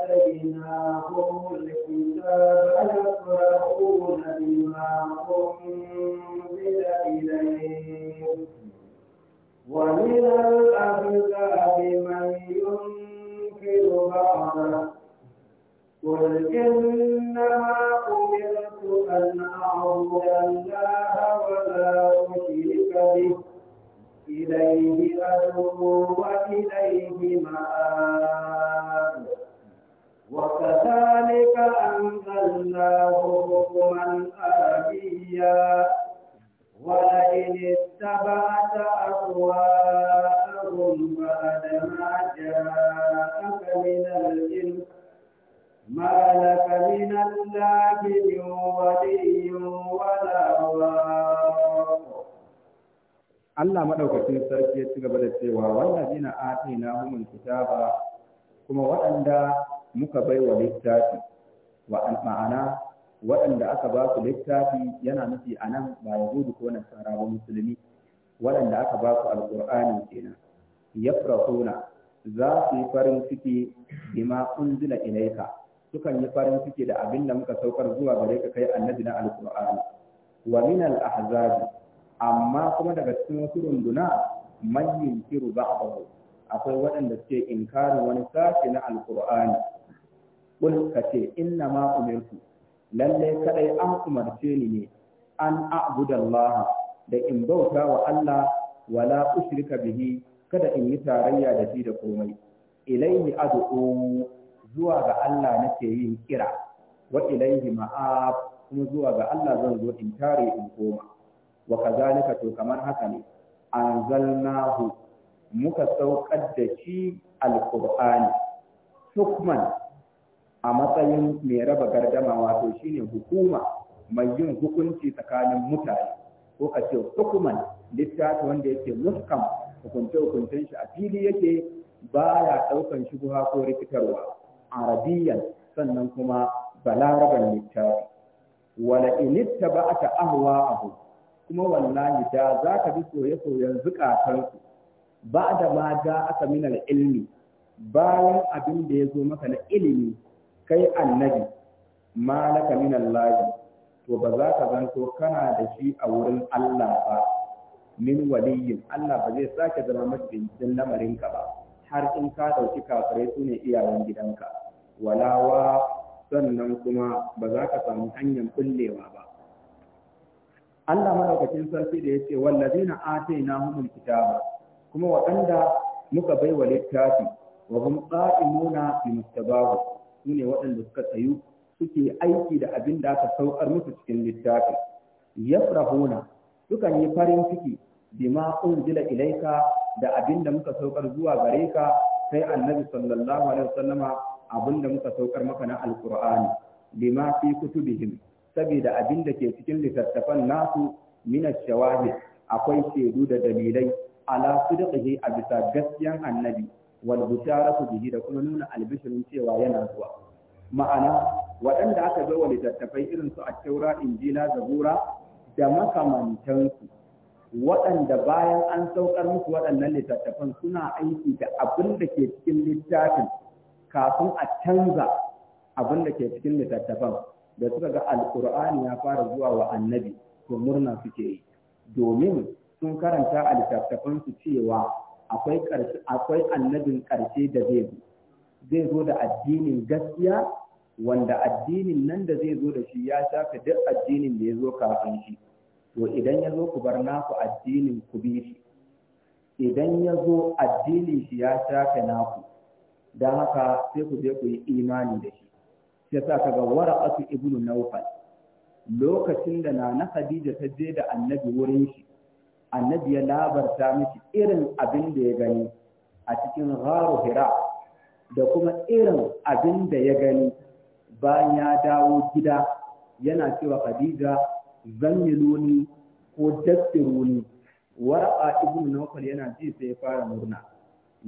[SPEAKER 2] آتيناهم الكتاب يفرحون بما أنزل إليهم ومن الأحزاب من ينكر بعضه قل إنما أمرت أن أعبد الله ولا أشرك به إليه أدعو وإليه مآب وكذلك أنزلناه حكما آبيا ولئن اتبعت أهواءهم بعد ما جاءك من العلم ما لك من الله من ولي ولا وار
[SPEAKER 1] Allah maɗaukacin sarki ya ci gaba da cewa wannan na atina kitaba kuma waɗanda muka bai wa littafi wa ma'ana waɗanda aka ba su littafi yana nufi a nan ba yahudu ko nasara ba musulmi waɗanda aka ba su alƙur'ani kenan yafrahuna za su yi farin ciki bima unzila ilaika sukan yi farin ciki da abin da muka saukar zuwa gare ka kai annabi na alƙur'ani wa min al-ahzabi amma kuma daga cikin wasu runduna man yunkiru ba'dahu akwai waɗanda suke inkarin wani sashi na alqur'ani kul kace inna ma umirtu lalle kadai an umarce ni ne an Allah da in bauta wa Allah wala ushrika bihi kada in yi tarayya da shi da komai ilaihi ad'u zuwa ga Allah nake yin kira wa ilaihi ma'ab kuma zuwa ga Allah zan zo in tare in koma wa kazalika to kamar haka ne anzalnahu muka saukar da shi Alƙur'ani. hukman a matsayin mai raba gardama wato shine hukuma mai yin hukunci tsakanin mutane ko ka ce hukuman littafi wanda yake muskam hukunce hukuncen shi a fili yake baya daukan shubuha ko rikitarwa arabiyan sannan kuma balaraban littafi wala in ittaba'ata ahwa'ahum kuma wallahi da za ka bi soye-soyen zukatansu ba da ma da aka minar ilmi bayan abin da ya zo maka na ilimi kai annabi ma laka minar lagi to ba za ka zanto kana da shi a wurin Allah ba min waliyin Allah ba zai sake zama majibincin lamarinka ba har in ka ɗauki kafirai su ne iyayen gidanka walawa sannan kuma ba za ka samu hanyar kullewa ba Allah madaukakin sarki da yace wallazina atainahumul kitaba kuma waɗanda muka baiwa littafi wa hum qa'imuna bi mustabahu sune waɗanda suka tsayu suke aiki da abin da aka saukar musu cikin littafi yafrahuna sukan yi farin ciki bima unzila ilaika da abin da muka saukar zuwa gare ka sai annabi sallallahu alaihi wasallama abin da muka saukar maka na alqur'ani bima fi kutubihim saboda abin da ke cikin littattafan nasu mina shawahid akwai shaidu da dalilai ala sidqihi a bisa gaskiyan annabi wal bisharatu bihi da kuma nuna albishirin cewa yana zuwa ma'ana waɗanda aka zo wa littattafai irin su at-taura injila zabura da makamantan su waɗanda bayan an saukar musu waɗannan littattafan suna aiki da abin da ke cikin littafin kafin a canza abin da ke cikin littattafan da suka ga alkur'ani ya fara zuwa wa annabi to murna suke yi domin sun karanta a littattafansu cewa akwai annabin ƙarshe da zai zo zai zo da addinin gaskiya wanda addinin nan da zai zo da shi ya shafe duk addinin da ya zo kafin shi to idan ya zo ku bar naku addinin ku bi shi idan ya zo addinin shi ya shafe naku don haka sai ku je ku yi imani da shi ya sa ka ga waraqatu ibnu nawfal lokacin da nana khadija ta je da annabi wurin shi annabi ya labarta miki irin abin da ya gani a cikin gharu hira da kuma irin abin da ya gani bayan ya dawo gida yana cewa khadija zanniluni ko dattiruni wara'a ibnu nawfal yana ji sai ya fara murna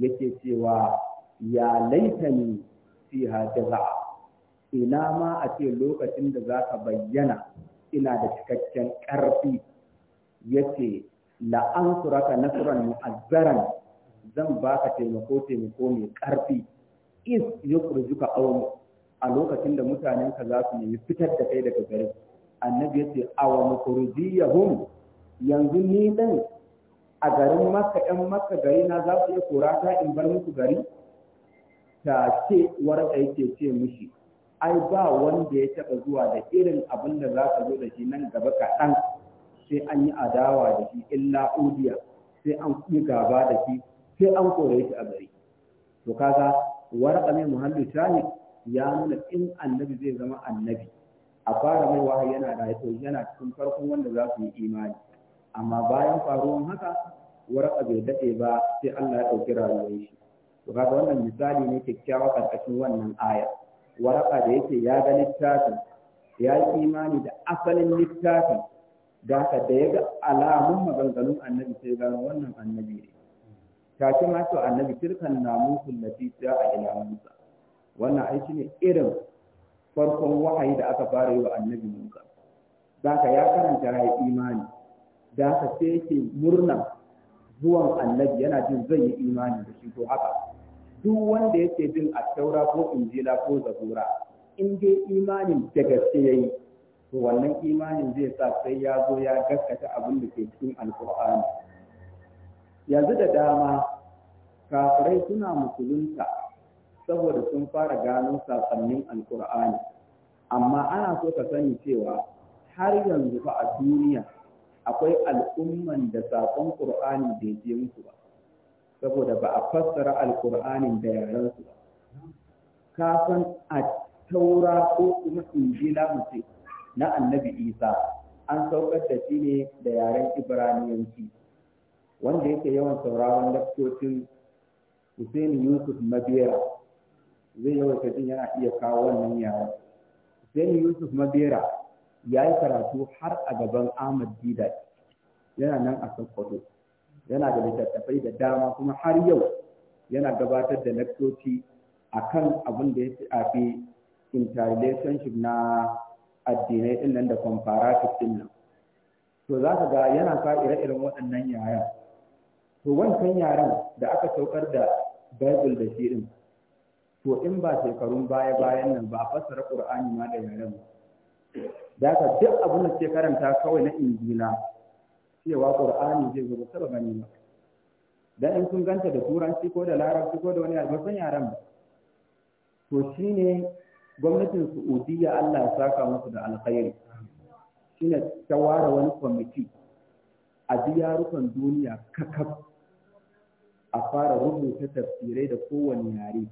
[SPEAKER 1] yake cewa ya laitani fiha jaza'a ina ma a ce lokacin da za ka bayyana ina da cikakken ƙarfi ya ce ka nasiran mu'azzaran zan ba ka taimako taimako mai ƙarfi is ka auni a lokacin da mutanen ka za su nemi fitar da kai daga gari annabi ya ce awa mukhrijiyahum yanzu ni ɗin a garin maka ɗan maka gari na za su iya kura ta in bar muku gari ta ce warka yake ce mishi ai ba wanda ya taɓa zuwa da irin abin da za ka zo da shi nan gaba kaɗan sai an yi adawa da shi illa udiya sai an yi gaba da shi sai an kore shi a gari to kaga warqa mai muhallu shani ya nuna in annabi zai zama annabi a fara mai wahayi yana da to yana cikin farkon wanda za su yi imani amma bayan faruwan haka warqa bai dade ba sai Allah ya dauki rayuwar shi to kaga wannan misali ne kyakkyawa karkashin wannan ayar waraka da yake ya ga littafin ya yi imani da asalin littafin da haka da ya ga alamun maganganun annabi sai gano wannan annabi ne ta ce ma su annabi tilkan namusun latifiya a ila musa wannan aiki ne irin farkon wahayi da aka fara yi wa annabi musa da haka ya karanta ya imani da haka sai yake murna zuwan annabi yana jin zai yi imani da shi to haka duk wanda yake bin taura ko injila ko zabura in dai imanin da gaske yayi to wannan imanin zai sa sai ya zo ya gaskata abin da ke cikin alkur'ani yanzu da dama kafirai suna musulunta saboda sun fara gano sasannin alkur'ani amma ana so ka sani cewa har yanzu fa a duniya akwai al'umman da sakon ƙur'ani bai je musu ba saboda ba a fassara alkur'anin da yaran su ka san a taura ko kuma injila mutum na annabi isa an saukar da shi ne da yaren ibraniyanci wanda yake yawan sauraron laftocin Hussein Yusuf Mabera zai yawaita jin yana iya kawo wannan yaren Hussein Yusuf Mabera ya yi karatu har a gaban Ahmad Didat yana nan a Sokoto. yana da littattafai da dama kuma har yau yana gabatar da a kan abin da ya shafi interrelationship na addinai din nan da comparative din nan to za ka ga yana sa ire-iren waɗannan yaya to wancan yaren da aka saukar da bible da shi din to in ba shekarun baya-bayan nan ba a fassara qur'ani ma da yaren ba da duk abin da ke karanta kawai na injila cewa ƙur'ani zai zo ba gani ba dan in sun ganta da turanci ko da larabci ko da wani albasan yaran ba to shine gwamnatin Saudiya Allah ya saka musu da alkhairi shine ta ware wani kwamiti a diyarukan duniya kakaf a fara rubuta tafsirai da kowane yare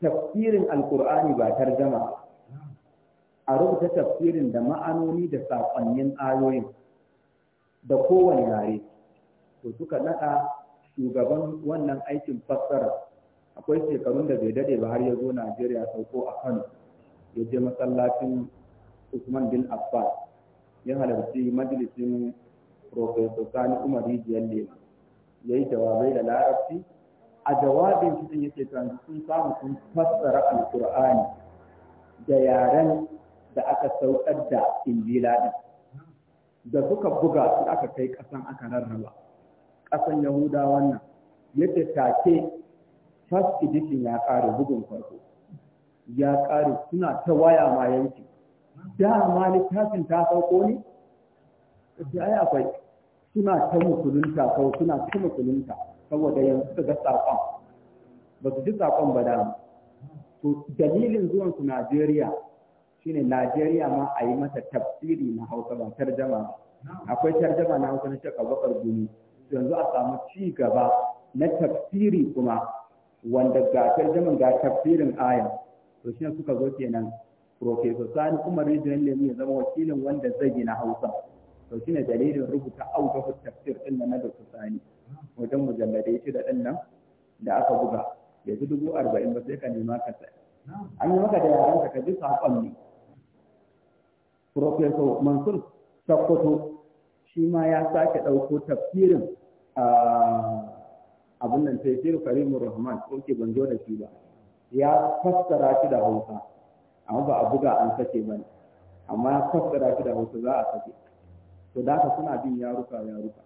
[SPEAKER 1] tafsirin alkur'ani ba tarjama a rubuta tafsirin da ma'anoni da saƙonnin ayoyin da kowane yare to suka naɗa shugaban wannan aikin fassara akwai shekarun da bai dade ba har ya zo Najeriya sauko a Kano ya je masallacin Usman bin Affan ya halarci majalisin Professor Sani Umar Rijiyar Lema ya yi jawabai da larabci a jawabin cikin yake canzu sun samu sun fassara alkur'ani da yaren da aka saukar da injila din da suka buga su aka kai ƙasan aka rarraba ƙasan yahuda wannan Yadda take first edition ya ƙare bugun farko ya ƙare suna ta waya ma yanki Da dama littafin ta farko ne da ai akwai suna ta musulunta kawai suna ta musulunta saboda yanzu ga saƙon ba su ji saƙon ba dama to dalilin su Najeriya shine Najeriya ma a yi mata tafsiri na Hausa ba tarjama akwai tarjama na Hausa na Sheikh bakar Gumi yanzu a samu ci gaba na tafsiri kuma wanda ga tarjaman ga tafsirin aya to shine suka zo kenan Professor Sani Umar Rijiyar Lemu ya zama wakilin wanda zai na Hausa to shine dalilin rubuta auka tafsir din na Dr. Sani wajen mujalladai shida din nan da aka buga yanzu dubu arba'in ba sai ka nema ka sai an yi maka da yaran ka ji saƙon ne Professor Mansur Sokoto shi ma ya sake ɗauko tafsirin abin nan tafsirin Karimu Rahman ko ke ban da shi ba ya fassara shi da Hausa amma ba a buga an sake ba amma ya fassara shi da Hausa za a sake to da haka suna bin yaruka yaruka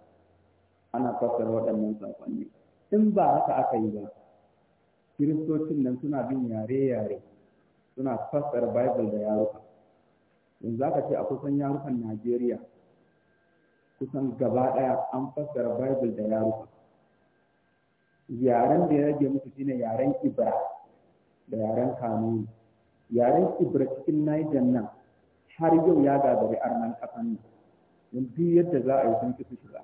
[SPEAKER 1] ana fassara waɗannan sakonni in ba haka aka yi ba kiristocin nan suna bin yare yare suna fassara Bible da yaruka yanzu za ka ce a kusan yarukan Najeriya kusan gaba ɗaya
[SPEAKER 2] an fassara Bible da
[SPEAKER 1] yaruka. Yaren da ya rage musu shine yaren Ibra da yaren Kanuni. Yaren Ibra cikin Niger nan har yau ya gagari arnan ƙasan nan. Don duk yadda za a yi sun kisu shiga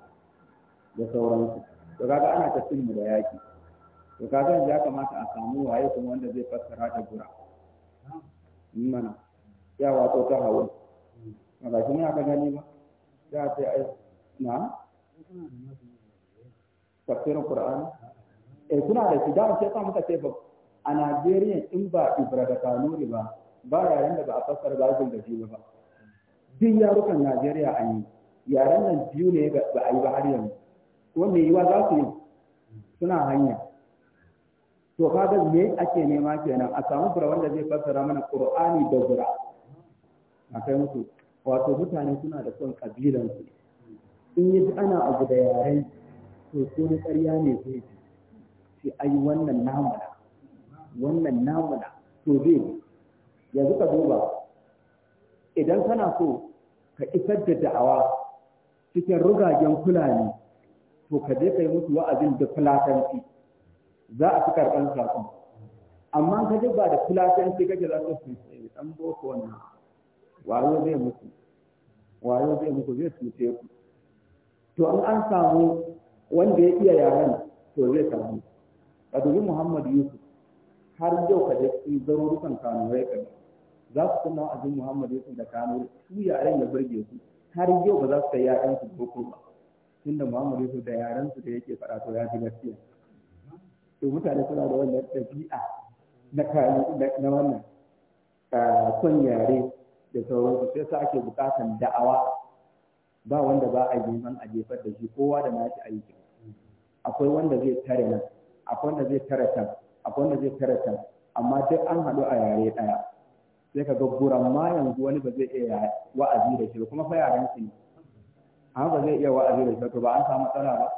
[SPEAKER 1] da sauransu. Da kaga ana ta mu da yaƙi. Da kaga ya kamata a samu waye kuma wanda zai fassara da gura. Mana. ya wato ta hawa na ba kuma aka gani ba ya ce ai na tafsirin qur'ani eh kuna da shi dama sai muka ce ba a Najeriya in ba Ibrahim Kanuri ba ba yaren da ba a fassar babin da jiwa ba duk yarukan Najeriya an yi yaren nan biyu ne ba ai yi ba har yanzu Ko me yiwa za su yi suna hanya to kaga me ake nema kenan a samu fura wanda zai fassara mana Qur'ani da Qur'ani a kai musu wato mutane suna da son kabilansu in yi ana abu da yaren to ko na ƙarya ne zai ji sai ai wannan namuna wannan namuna to zai ji yanzu ka duba idan kana so ka isar da da'awa cikin rugagen fulani to ka je ka yi musu wa'azin da fulatanci za a fi karɓar sakon amma ka duba ba da fulatanci kake za ka su sai dan boko wannan wayo zai muku wayo zai muku zai cuce ku to an an samu wanda ya iya yaren to zai samu a dubi muhammad yusuf har yau ka da zarurukan kanurai ka za su kuma azin muhammad yusuf da kanu su yaren ya burge su har yau ba za su kai yaren su boko ba tunda muhammad yusuf da yaren su da yake faɗa to ya ji gaskiya to mutane suna da wannan ɗabi'a na wannan ah, son yare da sauransu sai sa ake bukatan da'awa ba wanda ba a neman a jefar da shi kowa da nashi aiki akwai wanda zai tare nan akwai wanda zai tare can akwai wanda zai tare can amma duk an haɗu a yare ɗaya sai ka ga guran ma yanzu wani ba zai iya wa'azi da shi ba kuma fa yaran shi ne amma ba zai iya wa'azi da shi ba to ba an samu matsala ba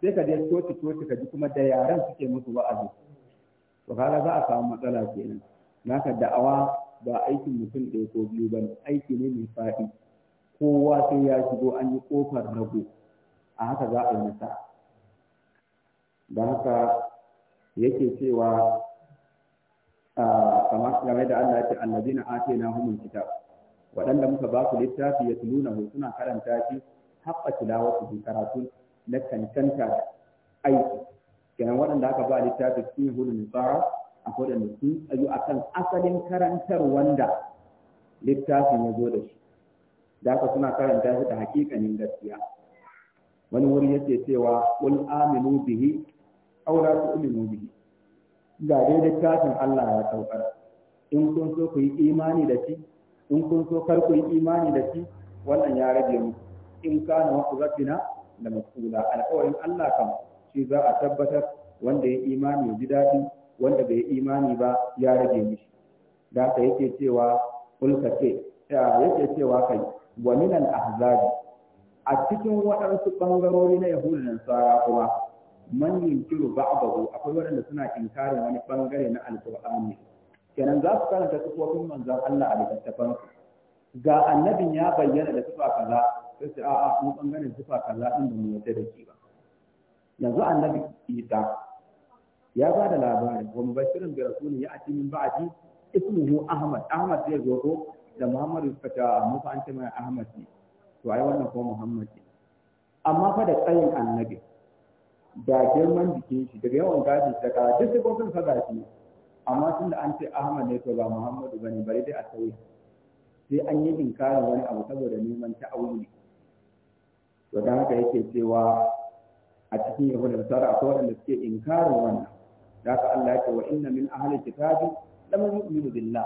[SPEAKER 1] sai ka je toci toci ka ji kuma da yaran suke musu wa'azi to kaga za a samu matsala kenan naka da'awa ba aikin mutum ɗaya ko biyu ba ne aiki ne mai faɗi kowa sai ya shigo an yi ƙofar rago a haka za a yi nasa da haka yake cewa kamar game da Allah ya ce allazina na humul kitab waɗanda muka ba su littafi ya tuluna hu suna karanta shi haɓɓa tilawatu bi karatu na kankanta aiki kenan waɗanda aka ba littafi sun hudu tsara. akwai da sun tsayu kan asalin karantar wanda littafin ya zo da shi da aka suna karanta shi da hakikanin gaskiya wani wuri yake cewa qul aminu bihi aw la tu'minu bihi ga dai littafin Allah ya saukar in kun so ku yi imani da shi in kun so kar ku yi imani da shi wannan ya rage mu in kana wa rabbina da masula alƙawarin Allah kan shi za a tabbatar wanda ya imani ya ji daɗi wanda bai imani ba ya rage mishi da haka yake cewa kulka ce yake cewa kai wa minan ahzabi a cikin waɗansu ɓangarori na yahudu da nasara kuma man yunkiru ba'dahu akwai waɗanda suna inkarin wani ɓangare na alqur'ani kenan za su karanta sifofin manzon Allah a littattafan ga annabin ya bayyana da sifa kaza sai su a'a mu bangaren sifa kaza din da mu yadda da ba yanzu annabi ita. ya ba da labari wa mubashirin bi rasuli ya ati min ba'di ismuhu ahmad ahmad ya zo ko da muhammad ya ta mu an ce ahmad ne to ai wannan ko muhammad ne amma fa da tsayin annabi da girman jikin shi daga yawan da ka duk sifofin sa gashi amma tunda an ce ahmad ne to ba muhammadu bane bari dai a sauya sai an yi inkarin wani abu saboda neman ta'awuli to dan haka yake cewa a cikin yahudu da sara akwai wanda suke inkarin wannan haka Allah ya ce wa inna min ahli kitabi lam yu'minu billah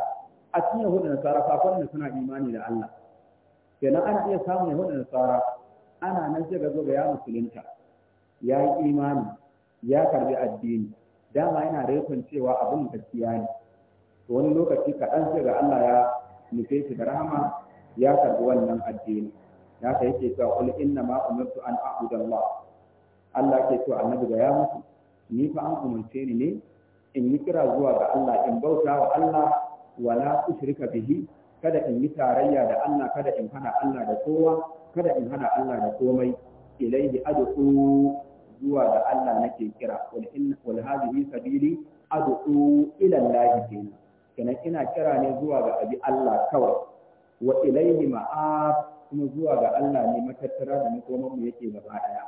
[SPEAKER 1] a cikin yahudu da nasara fa ne suna imani da Allah kenan ana iya samun yahudu da nasara ana nan sai ga ya musulunta ya yi imani ya karbi addini dama yana rekon cewa abin gaskiya ne to wani lokaci kaɗan sai ga Allah ya nufe shi da rahama ya karbi wannan addini haka yake cewa qul inna ma umirtu an a'budu Allah Allah ke cewa annabi ga ya mutu ni fa an umarce ni ne in yi kira zuwa ga Allah in bauta wa Allah wala ushrika bihi kada in yi tarayya da Allah kada in hana Allah da kowa kada in hana Allah da komai ilaihi ad'u zuwa ga Allah nake kira wal in wal hadhihi sabili ad'u ila Allah kenan kenan ina kira ne zuwa ga abi Allah kawai wa ilaihi ma'ab kuma zuwa ga Allah ne matattara da makomar mu yake gaba daya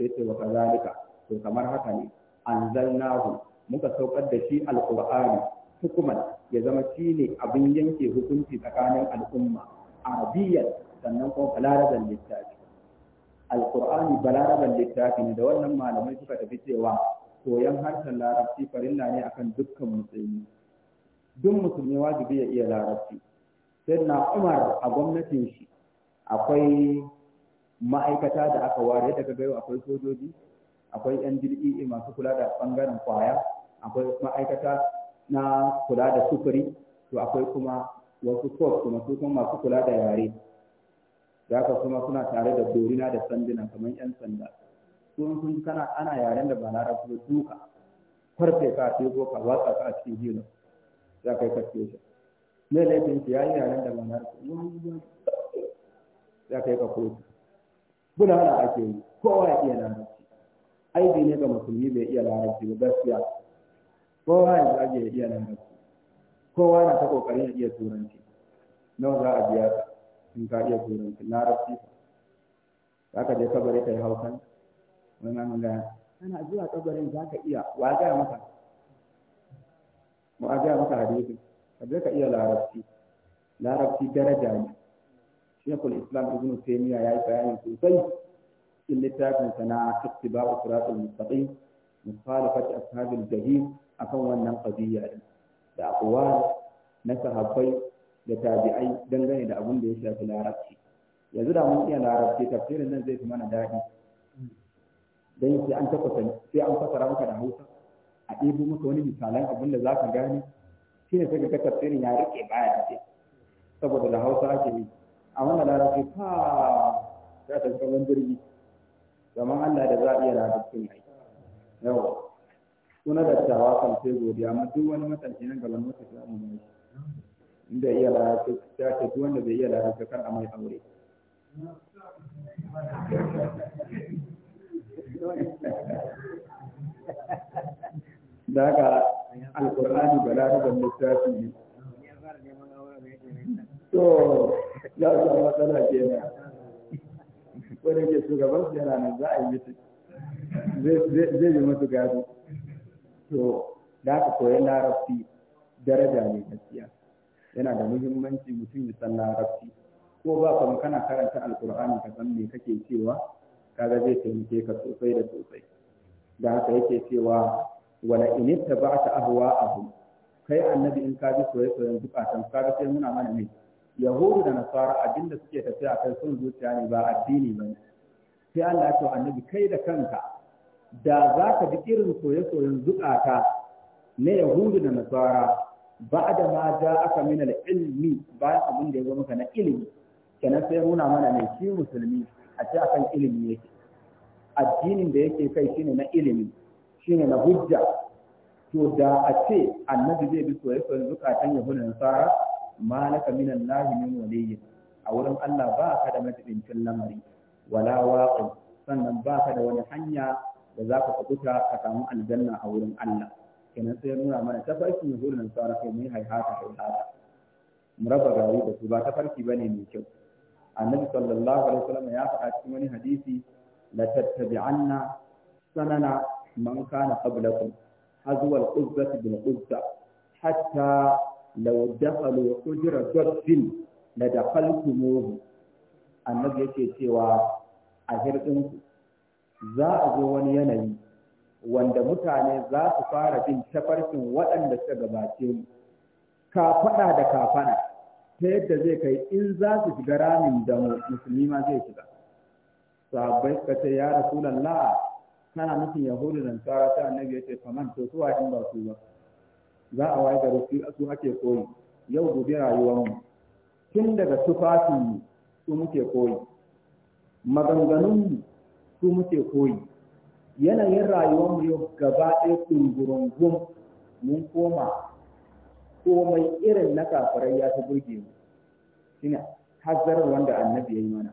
[SPEAKER 1] sai ce wa kazalika to kamar haka ne anzalnahu muka saukar da shi alqur'ani hukuman ya zama shi ne abin yanke hukunci tsakanin al'umma arabiyyar sannan kuma balaraban littafi alqur'ani balaraban littafi ne da wannan malamai suka tafi cewa koyan harshen larabci farilla ne akan dukkan musulmi duk musulmi wajibi ya iya larabci sai na umar a gwamnatin shi akwai ma'aikata da aka ware daga gaiwa akwai sojoji akwai yan jirgi e masu kula da bangaren kwaya akwai ma'aikata na kula da sufuri to akwai kuma wasu kos kuma su kuma masu kula da yare da aka kuma suna tare da dorina da sanduna kamar yan sanda sun sun kana ana yaren da ba na da duka farfe ka ce ko ka watsa ka a cikin hilo za ka yi kace shi me laifin ya yi yaren da ba na
[SPEAKER 2] rasu
[SPEAKER 1] za ka yi ka kotu buna ana ake yi kowa ya iya nan aibi ne ga musulmi bai iya larabci ba gaskiya kowa ya zage ya iya larabci kowa na ta kokarin ya iya turanci nawa za a biya ka in ka iya turanci larabci fa za ka je kabari kai yi hausan wani an gaya kana zuwa kabarin za ka iya wa gaya maka
[SPEAKER 2] mu a gaya maka hadisin
[SPEAKER 1] ka je ka iya larabci larabci daraja ne shekul islam ibn taymiya ya yi bayani sosai cikin littafin sa na ittiba'u siratul mustaqim mukhalafati ashabil jahim akan wannan qadiya din da aqwal na sahabbai da tabi'ai dangane da abin da ya shafi larabci yanzu da mun iya larabci tafsirin nan zai fi mana daɗi dan sai an tabbata sai an fasara maka da Hausa a ɗebo maka wani misalan abin da zaka gane shine sai ka tafsirin ya rike baya ce saboda da Hausa ake yi a wannan larabci fa za ta zama jirgi domin Allah da za a iya cikin aiki yau suna da tawa kan sai godiya amma duk wani matsanci nan gaban wata samu ne inda iya larabci ta ce duk wanda bai iya larabci kan a mai aure da haka alkur'ani ba larabin littafi ne to ya samu matsala kenan ko ke ke shugaban su yana nan za a yi mutu zai yi mutu gado to da aka koyi larabci daraja mai gaskiya yana da muhimmanci mutum ya san larabci ko ba kuma kana karanta alkur'ani ka san me kake cewa kaga zai taimake ka sosai da sosai da haka yake cewa wala in ittaba'ta abu? kai annabi in ka bi soyayyen ka ga sai muna mana ne yahudu da nasara abinda suke tafiya kai sun zuciya ne ba addini ba sai Allah ya annabi kai da kanka da za ka bi irin soye-soyen zukata na yahudu da nasara ba da ma ja aka min ilmi bayan abin da ya zama maka na ilimi kenan sai nuna mana ne shi musulmi a ce akan ilimi yake addinin da yake kai shine na ilimi shine na hujja to da a ce annabi zai bi soye-soyen zukatan yahudu da nasara malaka min Allah min waliyyi a wurin Allah ba ka da matibincin lamari wala waqi sannan ba ka da wani hanya da za ka kubuta ka samu aljanna a wurin Allah kenan sai ya nuna mana tafarkin yahudu nan tsara kai mai haihata haihata mu raba gari da su ba tafarki ne mai kyau annabi sallallahu alaihi wasallam ya faɗa cikin wani hadisi la tattabi'anna sanana man kana qablakum hazwa al-uzzati bil uzza hatta لو دخلوا ujra dabbin la dakhaltumuhu annabi yake cewa a hirɗin ku za a zo wani yanayi wanda mutane za su fara bin tafarkin waɗanda suka gabace mu kafaɗa da kafaɗa ta yadda zai kai in za su shiga ramin da musulmi ma zai shiga sahabbai suka ce ya rasulallah kana nufin yahudu da ta annabi ya ce faman to suwa in ba su ba za a waye da su ake koyi yau gobe rayuwarmu tun daga tufafinmu su muke koyi maganganunmu su muke koyi yanayin rayuwarmu yau gaba ɗaya gum mun koma komai irin na kafirai ya fi burge mu shine hazar wanda annabi ya yi mana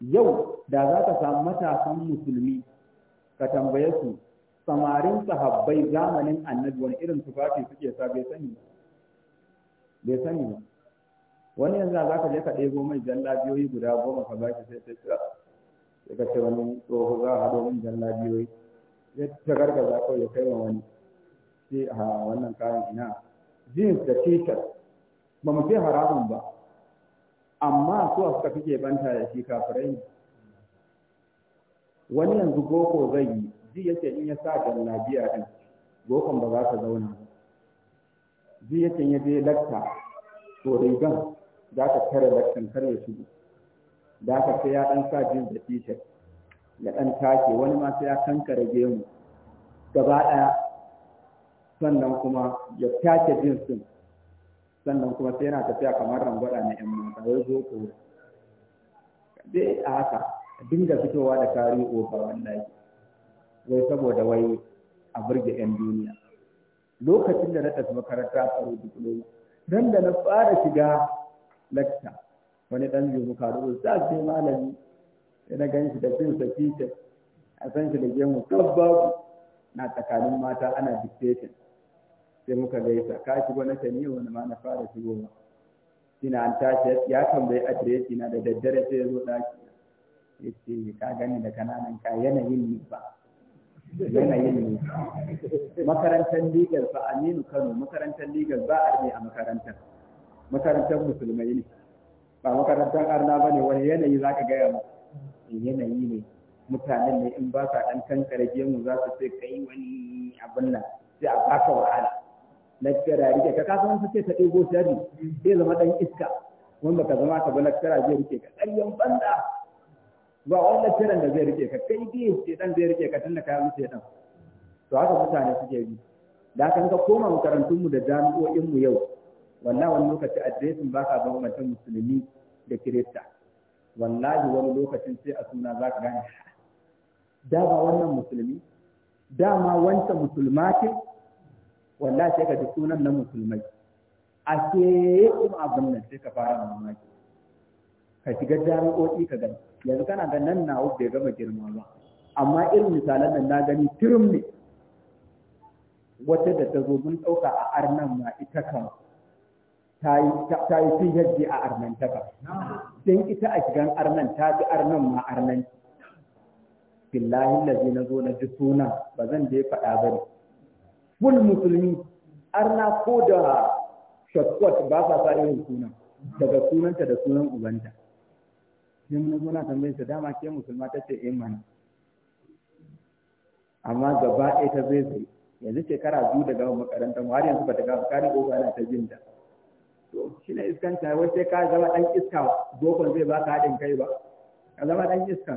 [SPEAKER 1] yau da za ka samu matasan musulmi ka tambaye su samarin sahabbai zamanin annabi wani irin tufafi suke sa bai sani ba bai sani ba wani yanzu za ka je ka ɗebo mai jallabiyoyi guda goma ka baki sai ta tsira sai ka ce wani tsoho za a haɗo min jallabiyoyi ya ta gargaza kawai ya kai wa wani sai a wannan kayan ina jeans da t-shirt ba mu ce haramun ba amma su suka fi ke banta da shi kafirai ne wani yanzu boko zai yi ji yake in ya sa jallabiya din gokon ba za ta zauna ba. ji yake ya je lakta to rigan za ta tare laktan kar ya shigo da ka sai ya dan sa jin da t ya dan take wani ma sai ya kankare gemu gaba daya sannan kuma ya take jin sun, sannan kuma sai yana tafiya kamar rangwada na yan mata wai zo ko dai a haka dinga fitowa da kari ofa wallahi wai saboda wai a burge 'yan duniya lokacin da na tafi makaranta tsaro diploma dan da na fara shiga lakta wani dan jumu karu sa ce malami sai na gan da bin sa fice a san shi da gemu kabba na tsakanin mata ana dictation sai muka gaisa ka shigo ta tani wani ma na fara goma. ina an tashi ya tambayi adiresi na da daddare sai ya zo daki ya ce ka gani da kananan ka yanayin ni ba yanayin ne makarantar legal fa aminu kano makarantar legal ba ne a makarantar makarantar musulmai ne ba makarantar arna ba ne wani yanayi za ka gaya mu eh, yanayi ne mutanen ne in ba sa ɗan kankare gemu za su ce kai wani abin nan sai a baka wahala lakkara rike ka kasan su ce ta ɗebo sharri sai zama ɗan iska wanda ka zama ka ba lakkara zai rike ka ɗaryan banda ba wannan kiran da zai rike ka kai dai dan zai rike ka tunda ka mutu dan. to haka mutane suke yi da kan ka koma makarantunmu da mu yau wallahi wani lokaci addressin ba ka mutum musulmi da kirista wallahi wani lokacin sai a suna za ka gane Da ba wannan musulmi ma wancan musulma ce wallahi sai ka ji sunan na musulmai a ke kuma abin nan sai ka fara mamaki ka shiga jami'o'i ka gani yanzu kana ga nan na bai gama girma ba amma irin misalan nan na gani turum ne wata da ta zo mun ɗauka a arnan ma ita kan ta yi yadda a arnan ta ba don ita a shigan arnan ta fi arnan ma arnan billahi lazi na na ji suna ba zan je faɗa ba ne full musulmi arna ko da shortcut ba sa sa irin suna daga sunanta da sunan ubanta sai mun zo na tambaye ta dama ke musulma tace ce eh mana amma gaba ɗaya ta zai zai yanzu shekara biyu daga makarantar mu har yanzu ba ta ga kari ko na ta jin da to shi ne ta wai sai ka zama ɗan iska gokon zai baka haɗin kai ba ka zama ɗan iska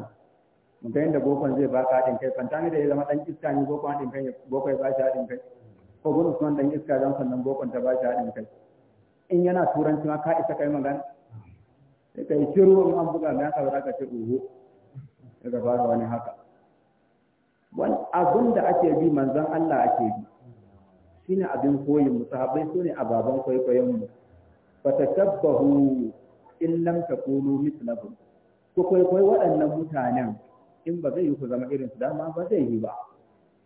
[SPEAKER 1] mu ga yadda gokon zai baka haɗin kai fantami da ya zama ɗan iska ne gokon haɗin kai gokon ya bashi haɗin kai ko gudu sunan ɗan iska zan sannan gokon ta bashi haɗin kai in yana turanci ma ka isa kai magana sai ka yi shiru in an buga mai aka ba ka ce uhu daga fara wani haka wani abin da ake bi manzon Allah ake bi shine abin koyin mu sahabbai sune baban kwaikwayon mu fatakabbahu in lam takunu mithlahum ku kwaikwayi waɗannan mutanen in ba zai yi ku zama irin su dama ba zai yi ba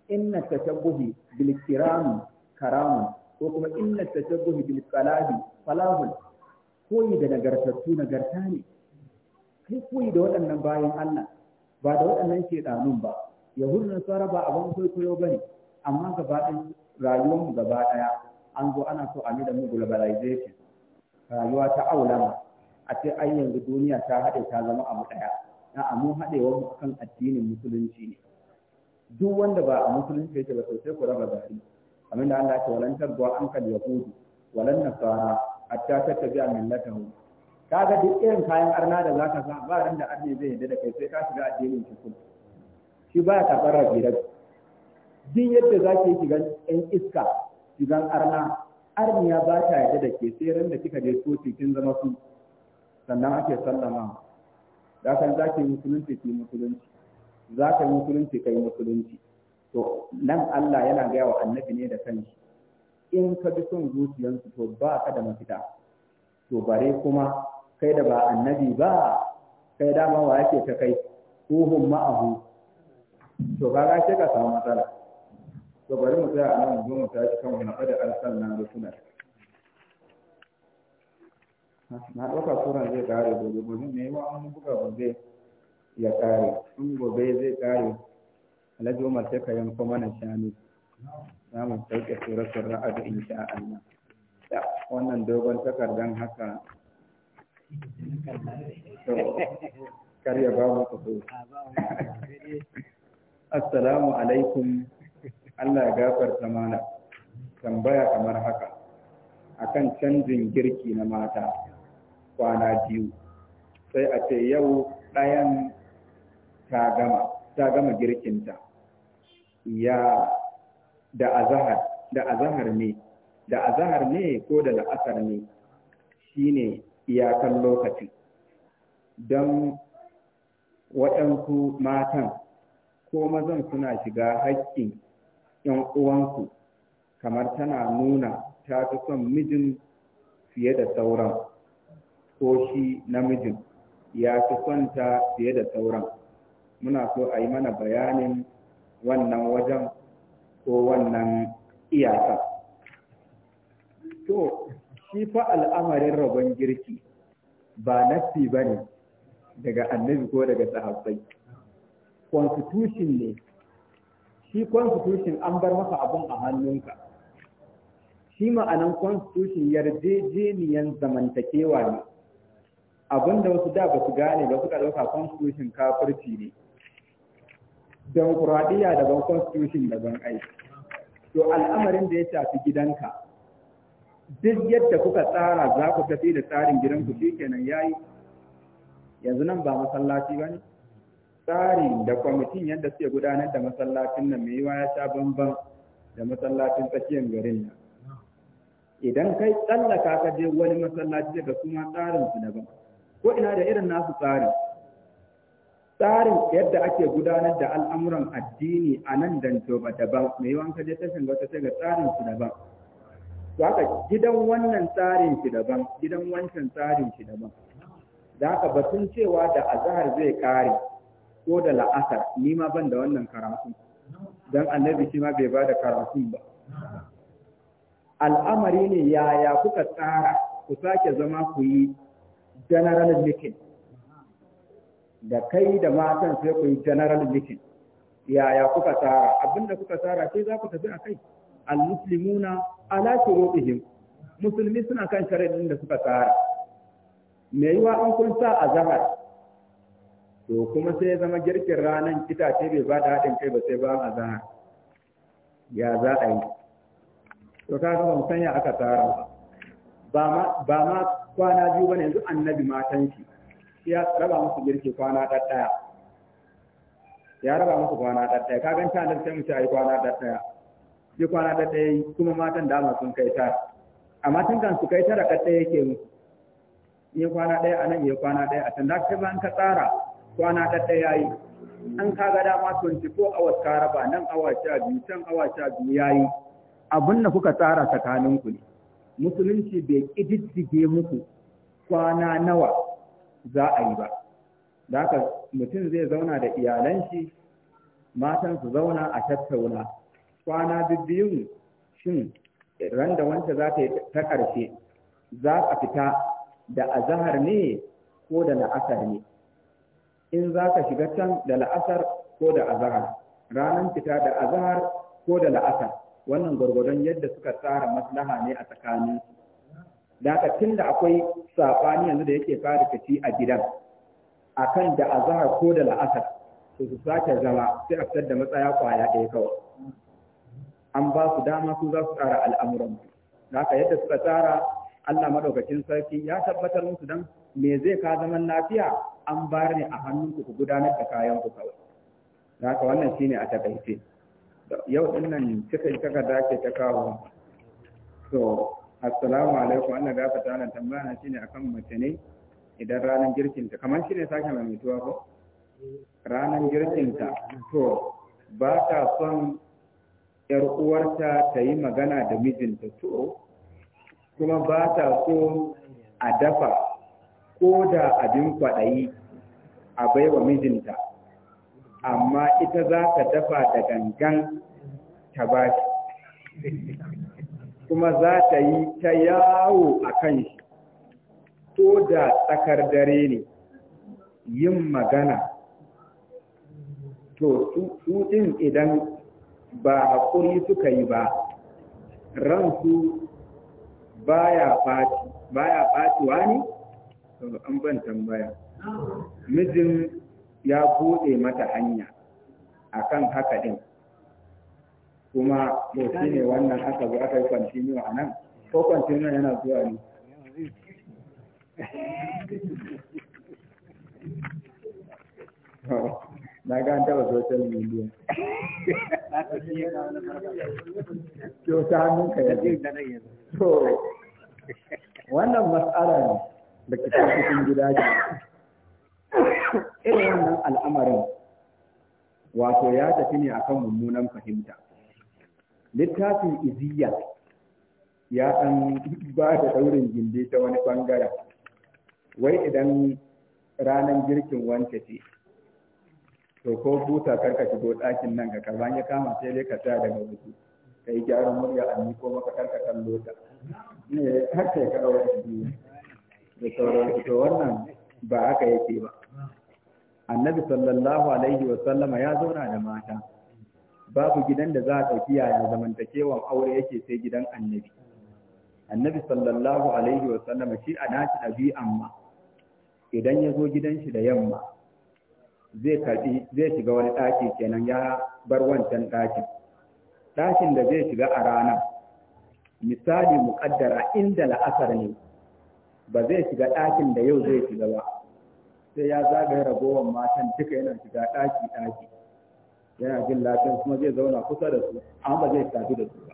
[SPEAKER 1] inna tashabbuhi bil kirami karamu, ko kuma inna tashabbuhi bil falahi falahun koyi da nagartattu nagarta ne kai koyi da waɗannan bayan Allah ba da waɗannan shedanun ba yahudu na tsara ba abin kwaikwayo ba ne amma gaba ɗin mu gaba ɗaya an zo ana so a da mu globalization rayuwa ta aulama a ce an yanzu duniya ta haɗe ta zama abu ɗaya na amu haɗewa mu kan addinin musulunci ne duk wanda ba a musulunci yake ba sosai ku raba gari da Allah ya ce walantar an kal yahudu walan nasara hatta ta tabi'a millatahu kaga duk irin kayan arna da zaka sa ba ran da arne zai yadda da kai sai ka shiga addinin cikin shi baya karɓar rabirar din yadda za ki shigan ɗan iska shigan arna arniya ba ta yadda da ke sai ran da kika je kotu kin zama su sannan ake sallama da kan za musulunci ki musulunci za ka yi musulunci kai musulunci to nan Allah yana gaya wa annabi ne da kanshi in ka bi son zuciyarsu to ba ka da mafita to bare kuma kai da ba annabi ba kai dama wa yake ta kai uhun ma'ahu to kaga sai ka samu matsala to bari mu tsaya a nan mu mu tashi kan wani kada da suna na ɗauka kuran zai ƙare gobe gobe ne wa an buga gobe ya ƙare in gobe zai ƙare alhaji umar sai ka yanko mana shanu namu sauke suratun ra'adu in sha Allah da wannan dogon takardan haka
[SPEAKER 2] to kariya ba
[SPEAKER 1] mu assalamu alaikum Allah ya gafarta mana tambaya kamar haka akan canjin girki na mata kwana biyu sai a ce yau ɗayan ta gama girkinta ya da azahar da azahar ne da azahar ne ko da la'asar ne shine iyakan lokaci don waɗansu matan ko mazan suna shiga haƙƙin ‘yan uwansu kamar tana nuna ta fi son mijin fiye da sauran ko shi namijin ya fi son ta fiye da sauran muna so a yi mana bayanin wannan wajen ko wannan iyaka. To, shi fa al'amarin rabon girki ba nafi ba ne daga annabi ko daga sahabbai. Constitution ne, shi constitution an bar maka abun a hannunka. Shi ma'anan constitution yarjejeniyan zamantakewa ne, abinda wasu da ba su gane ba suka ɗauka constitution kafirci ne. demokuraɗiyya daban constitution daban aiki to al'amarin da ya shafi gidanka duk yadda kuka tsara za ku tafi da tsarin gidanku ya yi yanzu nan ba masallaci ba ne tsarin da kwamitin yadda suke gudanar da masallacin nan mai yiwa ya sha bamban da masallacin tsakiyar garin nan idan kai tsallaka ka je wani masallaci daga kuma tsarin su daban ko ina da irin nasu tsarin tsarin yadda ake gudanar da al'amuran addini a nan da ba daban mai yawan kaje tashin wata sai ga tsarin shi daban ka gidan wannan tsarin shi daban gidan wancan tsarin shi daban za ka batun cewa da azahar zai kare ko da la'asar ni ma ban da wannan karatu don annabi shi ma bai da karatu ba al'amari ne yaya kuka tsara ku sake zama ku yi general meeting da kai da matan sai ku yi general meeting yaya kuka tsara abinda kuka tsara sai za ku tafi a kai almuslimuna ala shuruɗihim musulmi suna kan sharaɗin da suka tsara me yiwa an kun sa a zahar to kuma sai zama girkin ranar itace bai ba da haɗin kai ba sai ba azhar ya za a yi to kaga ga sanya aka tsara ba ba ma kwana biyu bane yanzu annabi matan shi ya raba musu girki kwana ɗaɗɗaya ya raba musu kwana ɗaɗɗaya ka gan tanar sai mu ci yi kwana ɗaɗɗaya shi kwana ɗaɗɗaya kuma matan ma sun kai tara amma tun kan su kai tara ɗaɗɗaya yake mu ni kwana ɗaya a nan yi kwana ɗaya a can da ka ka tsara kwana ɗaɗɗaya ya yi an kaga dama 24 hours ka raba nan awa sha biyu can awa sha biyu ya yi abin da kuka tsara tsakaninku ne musulunci bai ƙididdige muku kwana nawa za a yi ba da haka mutum zai zauna da iyalan shi matan su zauna a tattauna kwana biyun shin ran da wanta za ta yi ta ƙarshe za a fita da azahar ne ko da la'asar ne in za ka shiga can da la'asar ko da azahar ranar fita da azahar ko da la'asar wannan gwargwadon yadda suka tsara maslaha ne a tsakaninsu da aka tun da akwai saɓani yanzu da yake fara kaci a gidan akan da azahar ko da la'asar to su sake zama sai a fitar da matsaya kwaya ɗaya kawai an ba su dama su za su tsara al'amuran da haka yadda suka tsara Allah madaukakin sarki ya tabbatar musu dan me zai ka zaman lafiya an bar ne a hannunku ku gudanar da kayan ku kawai da haka wannan shine a takaice yau dinnan cikin takarda ke ta kawo so assalamu alaikum wannan gafa ta nan tambaya na shine akan mace ne idan ranar girkin ta kamar shine sake mai mutuwa ko ranar girkin ta to ba ta son yar uwarta ta yi magana da mijinta to kuma ba ta so a dafa ko da abin kwaɗayi a baiwa mijinta amma ita za ta dafa da gangan ta ba shi kuma za ta yi ta yawo a kan shi ko da tsakar dare ne yin magana to su idan ba haƙuri suka yi ba ransu baya fati wa ne an ban tambaya mijin ya buɗe mata hanya akan haka ɗin kuma to shi ne wannan aka zo aka yi continue a nan ko continue yana zuwa ne oh, na ga an taba zo social media to ta hannun ka yanzu to wannan mas'ala ne da ke cikin gida ce irin wannan al'amarin wato ya tafi ne akan mummunan fahimta littafin iziya ya ɗan ba da ɗaurin gindi ta wani ɓangaren wai idan ranar girkin wanke ce to ko buta karka shigo ɗakin nan ka karban ya kama sai dai ka sa daga wuce ka yi gyaran murya a ko maka karka kan lota ne eh, har kai ka aure da sauran to wannan ba haka yake ba annabi sallallahu alaihi wa sallama ya zauna da mata babu gidan da za a ɗauki yaya zamantakewan aure yake sai gidan annabi annabi sallallahu alaihi wa sallama shi a nashi ɗabi'an ma idan ya zo gidan shi da yamma zai zai shiga wani ɗaki kenan ya bar wancan ɗakin ɗakin da zai shiga a rana. misali muƙaddara inda la'asar ne ba zai shiga ɗakin da yau zai shiga ba sai ya zagaya ragowar matan duka yana shiga ɗaki ɗaki yana jin lafiya kuma zai zauna kusa da su amma ba zai tafi da su ba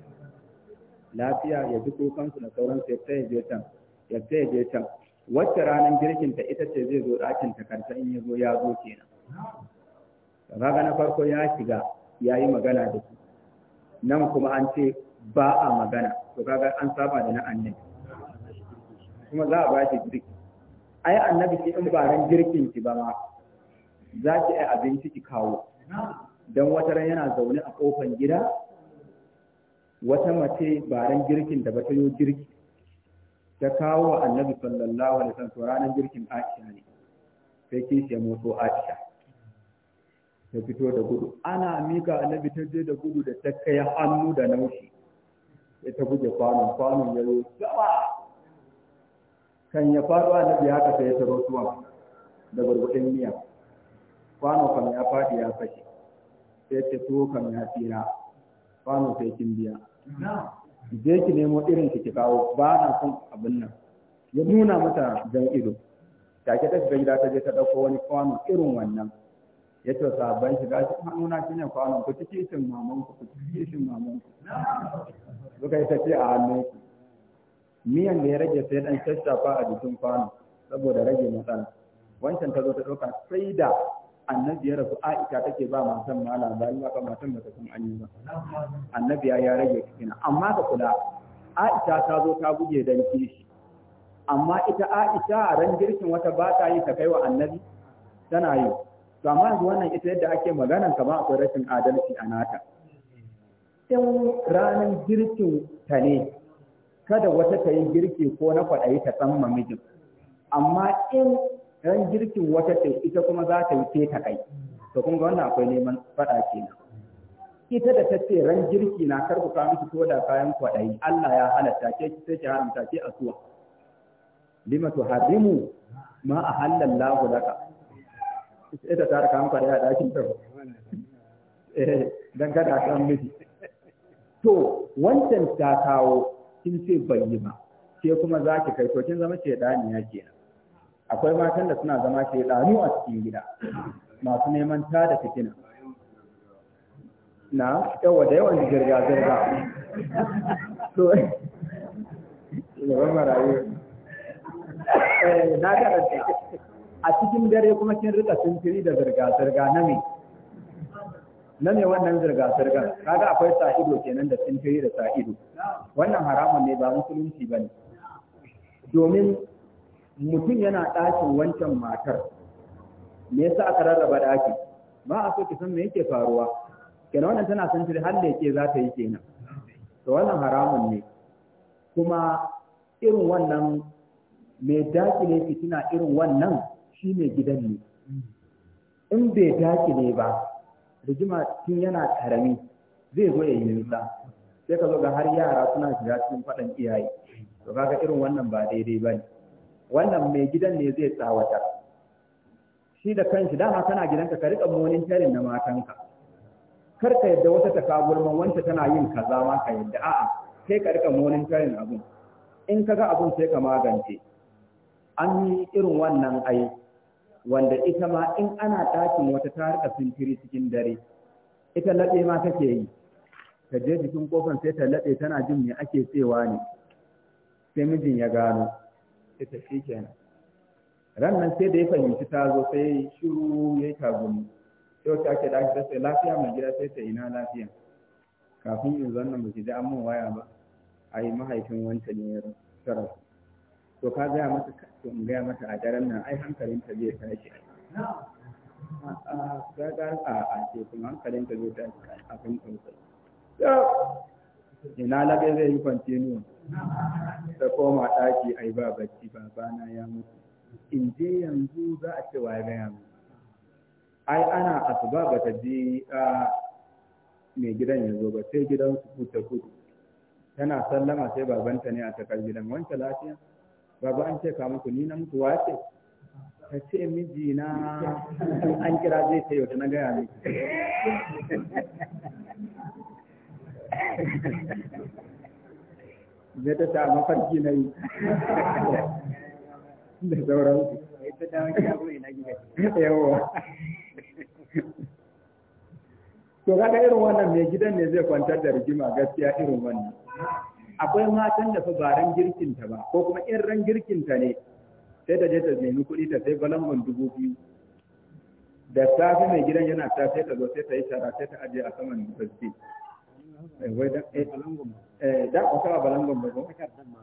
[SPEAKER 1] lafiya ya ji kukansu na sauransu ya ta je can ya ta je can wacce ranar girkin ta ita ce zai zo ɗakin ta karta in ya zo ya zo kenan kaga na farko ya shiga ya yi magana da su nan kuma an ce ba a magana to kaga an saba da na annabi kuma za a ba shi girki ai annabi shi in ba ran girkin ki ba ma za ki ai abinci ki kawo don wata ran yana zaune a kofan gida wata mace baran girkin da bata yi girki ta kawo wa annabi sallallahu alaihi wasallam ranar girkin Aisha ne sai kishi ya moto Aisha ta fito da gudu ana mika annabi ta je da gudu da ta kai hannu da naushi sai ta buge kwanon kwanon ya yi sama kan ya faɗo annabi haka sai ya taro suwa da gurgudin miya kwano kan ya faɗi ya fashe sai ce tuwo kan ya tsira kwano sai kin biya je ki nemo irin ki kawo ba na son abin nan ya nuna mata jan ido ta ta shiga gida ta je ta dauko wani kwano irin wannan ya ce sabon shiga shi nuna shi ne kwanon ku ci shin maman ku ku ciki shin maman ku suka yi tafi a hannun ku miyan da ya rage sai dan shashafa a jikin kwano saboda rage matsala wancan ta zo ta ɗauka sai da annabi ya rasu aisha take ba matan ma labari ba matan da sun an yi ba annabi ya rage cikin amma ka kula aisha ta zo ta buge dan kishi amma ita aisha ran girkin wata ba ta yi ta kai wa annabi tana yi to amma yanzu wannan ita yadda ake maganan ka ba akwai rashin adalci a nata
[SPEAKER 2] in ranar
[SPEAKER 1] girkin ta ne kada wata ta yi girki ko na kwaɗayi ta san mamijin amma in Ran girkin wata ce ita kuma za ta yi ta kai to kun ga wannan akwai neman faɗa kenan ita da ta ce ran girki na ka miki ko da kayan kwaɗayi Allah ya halatta ke sai ki haramta ke asuwa lima tuharrimu ma ahalla Allah laka ita ta raka maka da dakin ta eh dan kada san miji to wancan ta kawo kin ce bayyana yi ba ke kuma zaki kai to kin zama ce daniya kenan akwai matan da suna zama shaidanu a cikin gida masu neman ta da fitina na yawa da yawan zirga-zirga to eh, na karanta a cikin dare kuma kin rika sintiri da zirga-zirga na me na me wannan zirga-zirga kaga akwai sa'ido kenan da sintiri da sa'ido wannan haramun ne ba musulunci bane domin mutum yana ɗakin wancan matar me yasa aka rarraba ɗaki ba a so ki san me yake faruwa kenan wannan tana san shi har da yake za ta yi kenan to wannan haramun ne kuma irin wannan mai dakile fitina irin wannan shi ne gidan ne in bai dakile ba rigima tun yana karami zai zo ya yi nisa sai ka zo ga har yara suna shiga cikin faɗan iyaye to kaga irin wannan ba daidai ba ne wannan mai gidan ne zai tsawata shi da kanshi dama kana gidanka ka rika tarin na matanka kar ka yadda wata ta kagulman wanta tana yin kaza ma ka yadda a'a sai ka rika tarin abun in ka ga abun sai ka magance an yi irin wannan ai wanda ita ma in ana ɗakin wata ta rika sintiri cikin dare ita laɓe ma take yi ta je jikin kofan sai ta laɓe tana jin me ake cewa ne sai mijin ya gano sai ta shi kenan ran nan sai da ya fahimci ta zo sai shiru ya yi tagumi sai wata ake da ake sai lafiya mai gida sai ta ina lafiya kafin in zanna ba ki ji an waya ba a yi mahaifin wanta ne ya tara to ka gaya mata to in gaya mata a daren nan ai hankalin ta zai tashi ga ga a a ce hankalin ta zai tashi a kan tausayi ina labe zai yi kwanciyar ta koma ɗaki ai ba bacci babana ya mutu in je yanzu za a ce wa ya gaya mu ai ana asuba ba ta ji mai gidan ya zo ba sai gidan su kuta kudu tana sallama sai babanta ne a takar gidan wancan lafiya baba an ce ka muku ni na mutu wace ta ce miji na an kira zai ce yau na gaya miki me ta na yi da yawa to kaga irin wannan mai gidan ne zai kwantar da rigima gaskiya irin wannan akwai matan da fa ba ran girkinta ba ko kuma in ran girkinta ne sai ta je ta nemi kuɗi ta sai balangon dubu biyu da safe mai gidan yana ta sai ta zo sai ta yi shara sai ta ajiye a saman dubasti Eh, wai da eh, eh da ko ka balangon ba ko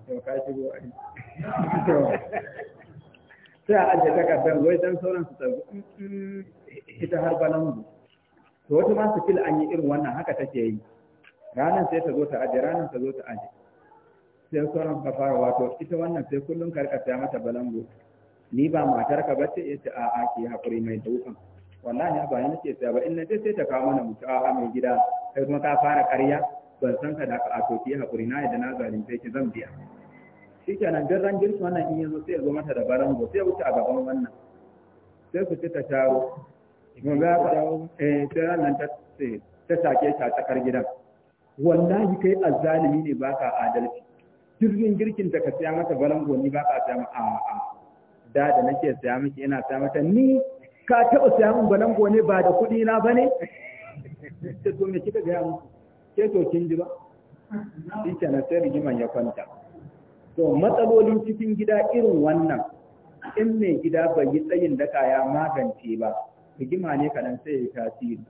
[SPEAKER 1] to ka shigo ai sai a ajiye takardar wai dan sauran su tarbi mm, mm, ita har balangon to wata ma su kila an yi irin wannan haka take yi ranar sai ta zo ta aje ranar ta zo ta aje sai sauran ka fara wato ita wannan sai kullum karkata mata balango ni ba matar ka bace yace a'a ki hakuri mai dukan wallahi ba ni ce sai ba in na je sai ta kawo mana mutu a'a mai gida sai kuma ka fara ƙarya ban san ka da ka ato ki hakuri na yadda na zalunce ki zan biya nan duk rangin su wannan in yanzu sai ya zo mata da barango sai ya wuce a gaban wannan sai ku ci ta taro za ku dawo eh sai wannan nan ta ta sake ta tsakar gidan wallahi kai azzalimi ne ba ka adalci jirgin girkin da ka siya mata balango ni ba ka siya ma a a da da nake siya miki ina siya mata ni ka taɓa siya min balango ne ba da kuɗi na bane Sai to me kika gaya musu ke to kin ji ba shi na sai rigiman ya kwanta to matsalolin cikin gida irin wannan in mai gida bai yi tsayin daka ya magance ba rigima ne kaɗan sai ya tasiri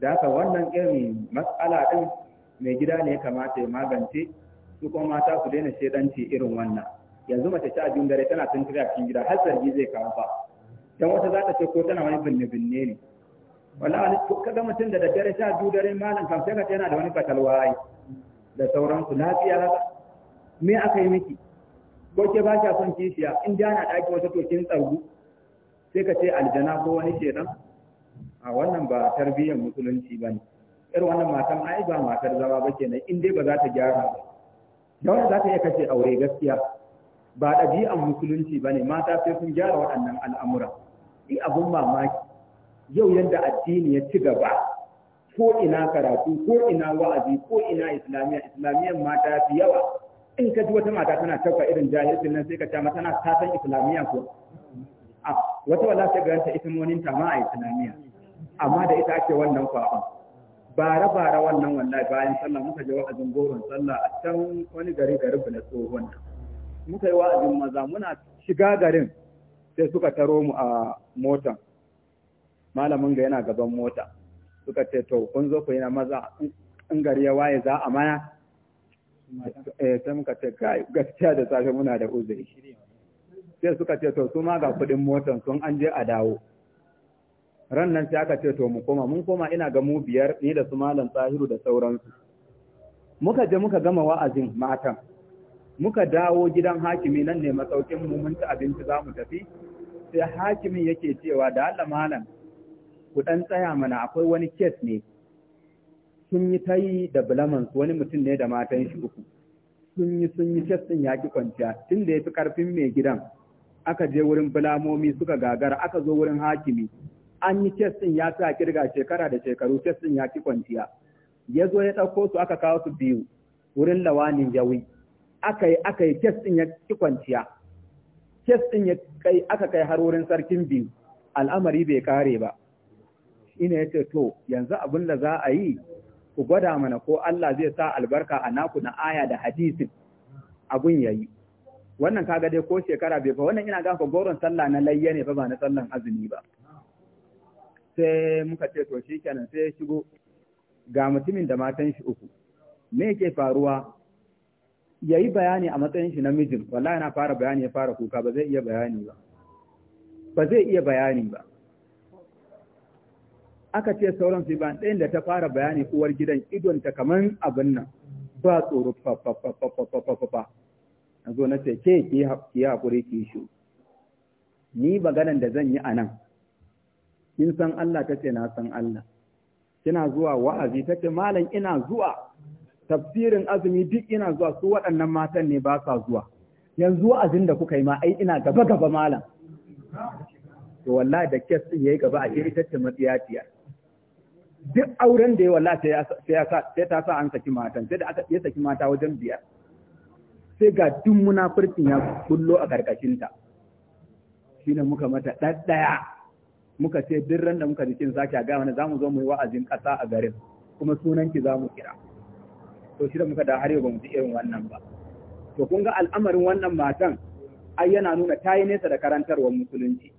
[SPEAKER 1] da haka wannan irin matsala ɗin mai gida ne kamata ya magance su kuma mata su daina shaidanci irin wannan yanzu mace ta abin dare tana tunkiri a cikin gida har zargi zai kawo fa dan wata za ta ce ko tana wani binne binne ne wallahi ko kaga mutun da daddare sha du dare malam kam sai ka yana da wani fatalwa ai da sauransu lafiya haka me aka yi miki ko ke ba ya son kishiya in da na daki wata tokin kin tsargu sai ka ce aljana ko wani ce dan a wannan ba tarbiyyar musulunci bane irin wannan matan ai ba matar zama ba kenan in dai ba za ta gyara ba da za ta iya kashe aure gaskiya ba dabi'an musulunci ba ne mata sai sun gyara waɗannan al'amura Yi abun mamaki yau yadda addini ya ci gaba ko ina karatu ko ina wa'azi ko ina islamiyya islamiyyan mata fi yawa in ka ji wata mata tana tauka irin jahilcin nan sai ka ta tana ta san islamiyya ko a wata wala sai ganta ita monin ta ma a islamiyya amma da ita ake wannan kwafa bara bara wannan wallahi bayan sallah muka je wa'azin goron sallah a can wani gari garin na tsohon muka yi wa'azin maza muna shiga garin sai suka taro mu a motan malamin ga yana gaban mota suka ce to kun zo ku yi na maza in gari ya waye za a maya. Eh sai muka ce gaskiya da safe muna da uzuri sai suka ce to su ma ga kudin motan sun an je a dawo ran nan sai aka ce to mu koma mun koma ina ga mu biyar ni da su malam tsahiru da sauransu muka je muka gama wa'azin matan muka dawo gidan hakimi nan ne masaukin mu mun ci abinci za mu tafi sai hakimin yake cewa da Allah malam ku ɗan tsaya mana akwai wani kes ne sun yi ta yi da bulamans wani mutum ne da matan shi uku sun yi sun yi kes ɗin ya ki kwanciya tun da ya fi ƙarfin mai gidan aka je wurin bulamomi suka gagara aka zo wurin hakimi an yi kes ɗin ya sa kirga shekara da shekaru kes ɗin ya ki kwanciya ya zo ya ɗauko su aka kawo su biyu wurin lawanin yawi aka yi aka yi kes ɗin ya ki kwanciya kes ɗin ya kai aka kai har wurin sarkin biyu al'amari bai kare ba ya ce to yanzu abin da za a yi ku gwada mana ko Allah zai sa albarka a naku na aya da hadisin abun yayi wannan kaga dai ko shekara bai fa wannan ina ga fa goron sallah na layya ne fa ba na sallan azumi ba sai muka ce to shikenan sai ya shigo ga mutumin da matan shi uku me yake faruwa yayi bayani a matsayin shi na mijin wallahi na fara bayani ya fara kuka ba zai iya bayani ba ba zai iya bayani ba aka ce sauran su ban ɗayan da ta fara bayani uwar gidan ta kaman abin nan ba tsoro fa fa fa fa fa na zo na ce ke ki yi haƙuri ki shi ni maganan da zan yi a nan san Allah ta ce na san Allah kina zuwa wa'azi ta ce malam ina zuwa tafsirin azumi duk ina zuwa su waɗannan matan ne ba sa zuwa yanzu wa'azin da kuka yi ma ai ina gaba gaba malam to wallahi da kes din yayi gaba a ce ita ce matsiyaciyar duk auren da ya walla sai ta sa an saki matan sai da aka ya saki mata wajen biyar sai ga duk munafurcin ya kullo a ta shine muka mata daddaya muka ce duk ran da muka jikin zaki ga wani za mu zo mu yi wa'azin kasa a garin kuma sunan za mu kira to shi da muka da har yau ba mu ji irin wannan ba to kun ga al'amarin wannan matan ai yana nuna ta yi nesa da karantarwar musulunci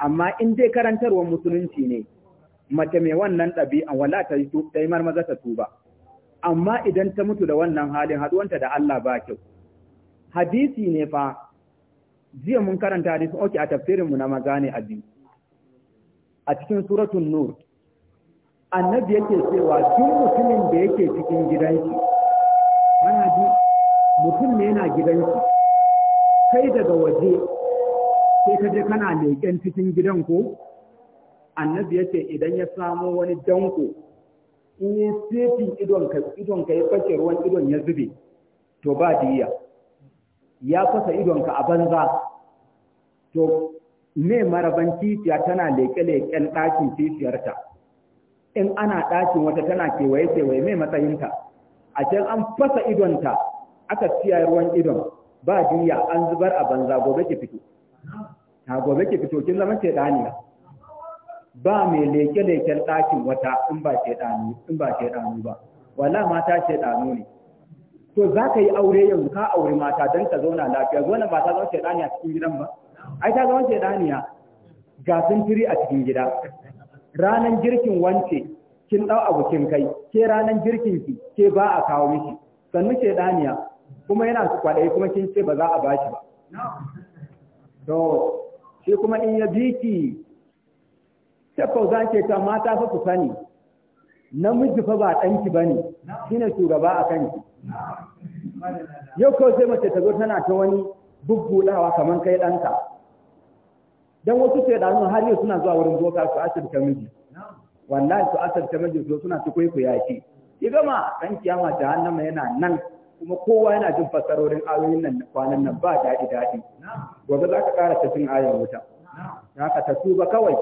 [SPEAKER 1] amma in dai karantarwar musulunci ne mace mai wannan ɗabi'a wala ta yi marmaza ta tuba amma idan ta mutu da wannan halin haɗuwanta da Allah ba kyau hadisi ne fa jiya mun karanta hadisi oke a tafsirin mu na maza ne a biyu a cikin suratun nur annabi yake cewa duk mutumin da yake cikin gidanki mana ji mutum ne yana gidanki kai daga waje sai ka je kana leƙen cikin gidan ko annabi ce idan ya samo wani danko in ya sefin idon ka idon ka ya fashe ruwan idon ya zube to ba diya ya fasa idon ka a banza to me maraban titiya tana leke-leken ɗakin titiyarta in ana ɗakin wata tana kewaye-kewaye mai matsayinta a can an fasa idonta aka siya ruwan idon ba diya an zubar a banza gobe ki fito ta gobe ki fito kin zama ce ɗaniya ba mai leke-leken ɗakin wata in ba shaidanu ba wala mata shaidanu ne to za ka yi aure yanzu ka aure mata don ka zauna lafiya wannan ba ta zama shaidani a cikin gidan ba ai ta zama shaidaniya ga sun firi a cikin gida ranan girkin wance kin ɗau abu kin kai ke ranan girkin ki ke ba a kawo miki sannu shaidaniya kuma yana su kwaɗayi kuma kin ce ba za a bashi ba to shi kuma in ya biki shakau za ke ta mata fa ku sani namiji fa ba ɗanki ba ne Shi ne shugaba a kanki yau kawai sai mace ta zo tana ta wani bubbuɗawa kamar kai ɗanka don wasu sai har yau suna zuwa wurin boka su ta miji wallahi su ta miji su suna su kwaikwaya ce. ki gama ɗan kiyama jahannama yana nan kuma kowa yana jin fassarorin ayoyin nan kwanan nan ba daɗi daɗi gobe za ka ƙara tafin ayan wuta haka ta tuba kawai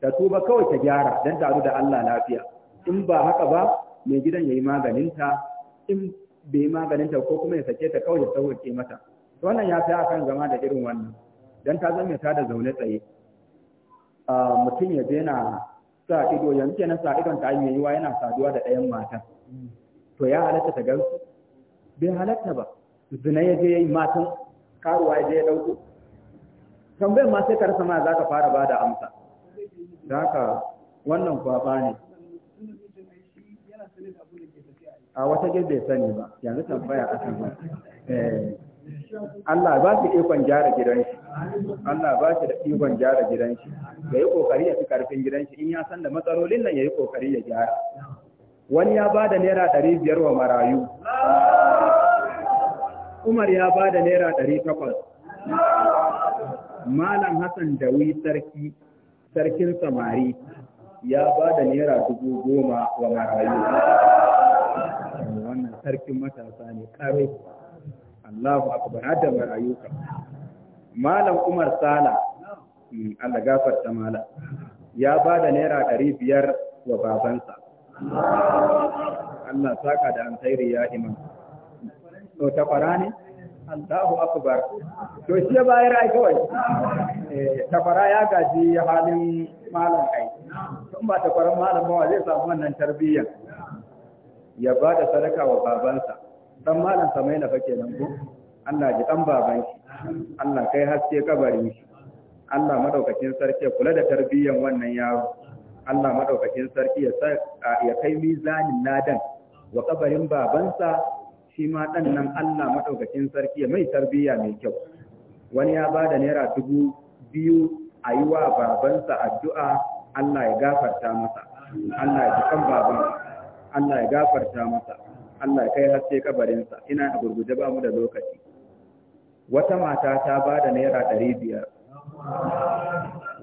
[SPEAKER 1] ta tuba kawai ta gyara don taru da Allah lafiya in ba haka ba mai gidan ya yi maganinta in bai yi maganinta ko kuma ya sake ta kawai ya sauke mata to wannan ya fi akan zama da irin wannan don ta zama ta da zaune tsaye mutum ya je na sa ido yanzu na sa idon ta yi yiwa yana saduwa da ɗayan matan to ya halatta ta gansu bai halatta ba zina ya je matan karuwa ya je ya ɗauko tambayar ma sai ka rasa ma za ka fara ba da amsa da haka wannan kwaba ne a wata gefe sani ba yanzu tambaya a kan eh, Allah ba shi ikon gyara gidanshi Allah ba shi da ikon gyara gidanshi. ya yi kokari ya fi karfin gidanshi? in ya san da matsalolin nan ya yi kokari ya gyara wani ya ba da naira ɗari biyar wa marayu Umar ya ba da naira ɗari takwas Malam Hassan Dawi Sarki sarkin samari ya ba da naira dubu goma wa marayu wannan sarkin matasa ne kare Allahu akbar hada marayu ka malam Umar Sala mm, Allah ta malam ya ba da naira ɗari biyar wa babansa Allah saka da alkhairi ya imam to ta fara ne Allahu akbar to shi ya bayar ai kawai eh, tafara ya gaji halin malam ai tun ba tafaran malam ba zai samu wannan tarbiyya ya ba da sadaka wa babansa dan malam sa mai na fake nan ko Allah ji dan baban shi Allah kai haske kabarin shi Allah madaukakin sarki ya kula da tarbiyyan wannan yaro Allah madaukakin sarki ya ya kai mizanin ladan wa kabarin babansa shi ma ɗan nan Allah maɗaukakin sarki mai tarbiyya mai kyau wani ya ba da naira dubu biyu a yi wa babansa addu'a Allah ya gafarta masa Allah ya tukan baban Allah ya gafarta masa Allah ya kai haske kabarinsa ina a gurguje ba mu da lokaci wata mata ta ba da naira ɗari biyar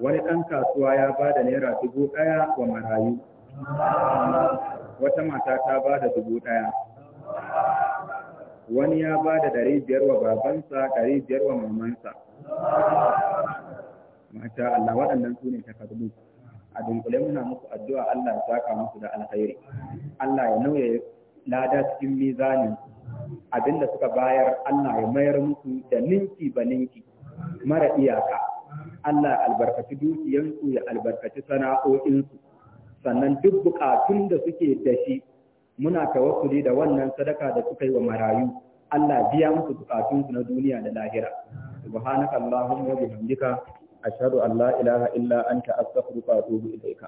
[SPEAKER 1] wani ɗan kasuwa ya ba da naira dubu ɗaya wa marayu wata mata ta ba da dubu ɗaya wani ya ba da ɗari biyar wa babansa ɗari biyar wa mamansa Mata Allah waɗannan su ne takardu a dunkule muna muku addu'a Allah ya saka musu da alkhairi Allah ya nauye lada cikin mizanin abinda suka bayar Allah ya mayar musu da ninki ba ninki mara iyaka Allah ya albarkaci dukiyansu ya albarkaci sana'o'insu sannan duk bukatun da suke da shi muna tawakkuli da wannan sadaka da suka yi wa marayu Allah biya musu bukatunsu na duniya da lahira subhanaka allahumma wa bihamdika ashhadu an la ilaha illa anta astaghfiruka wa atubu ilaika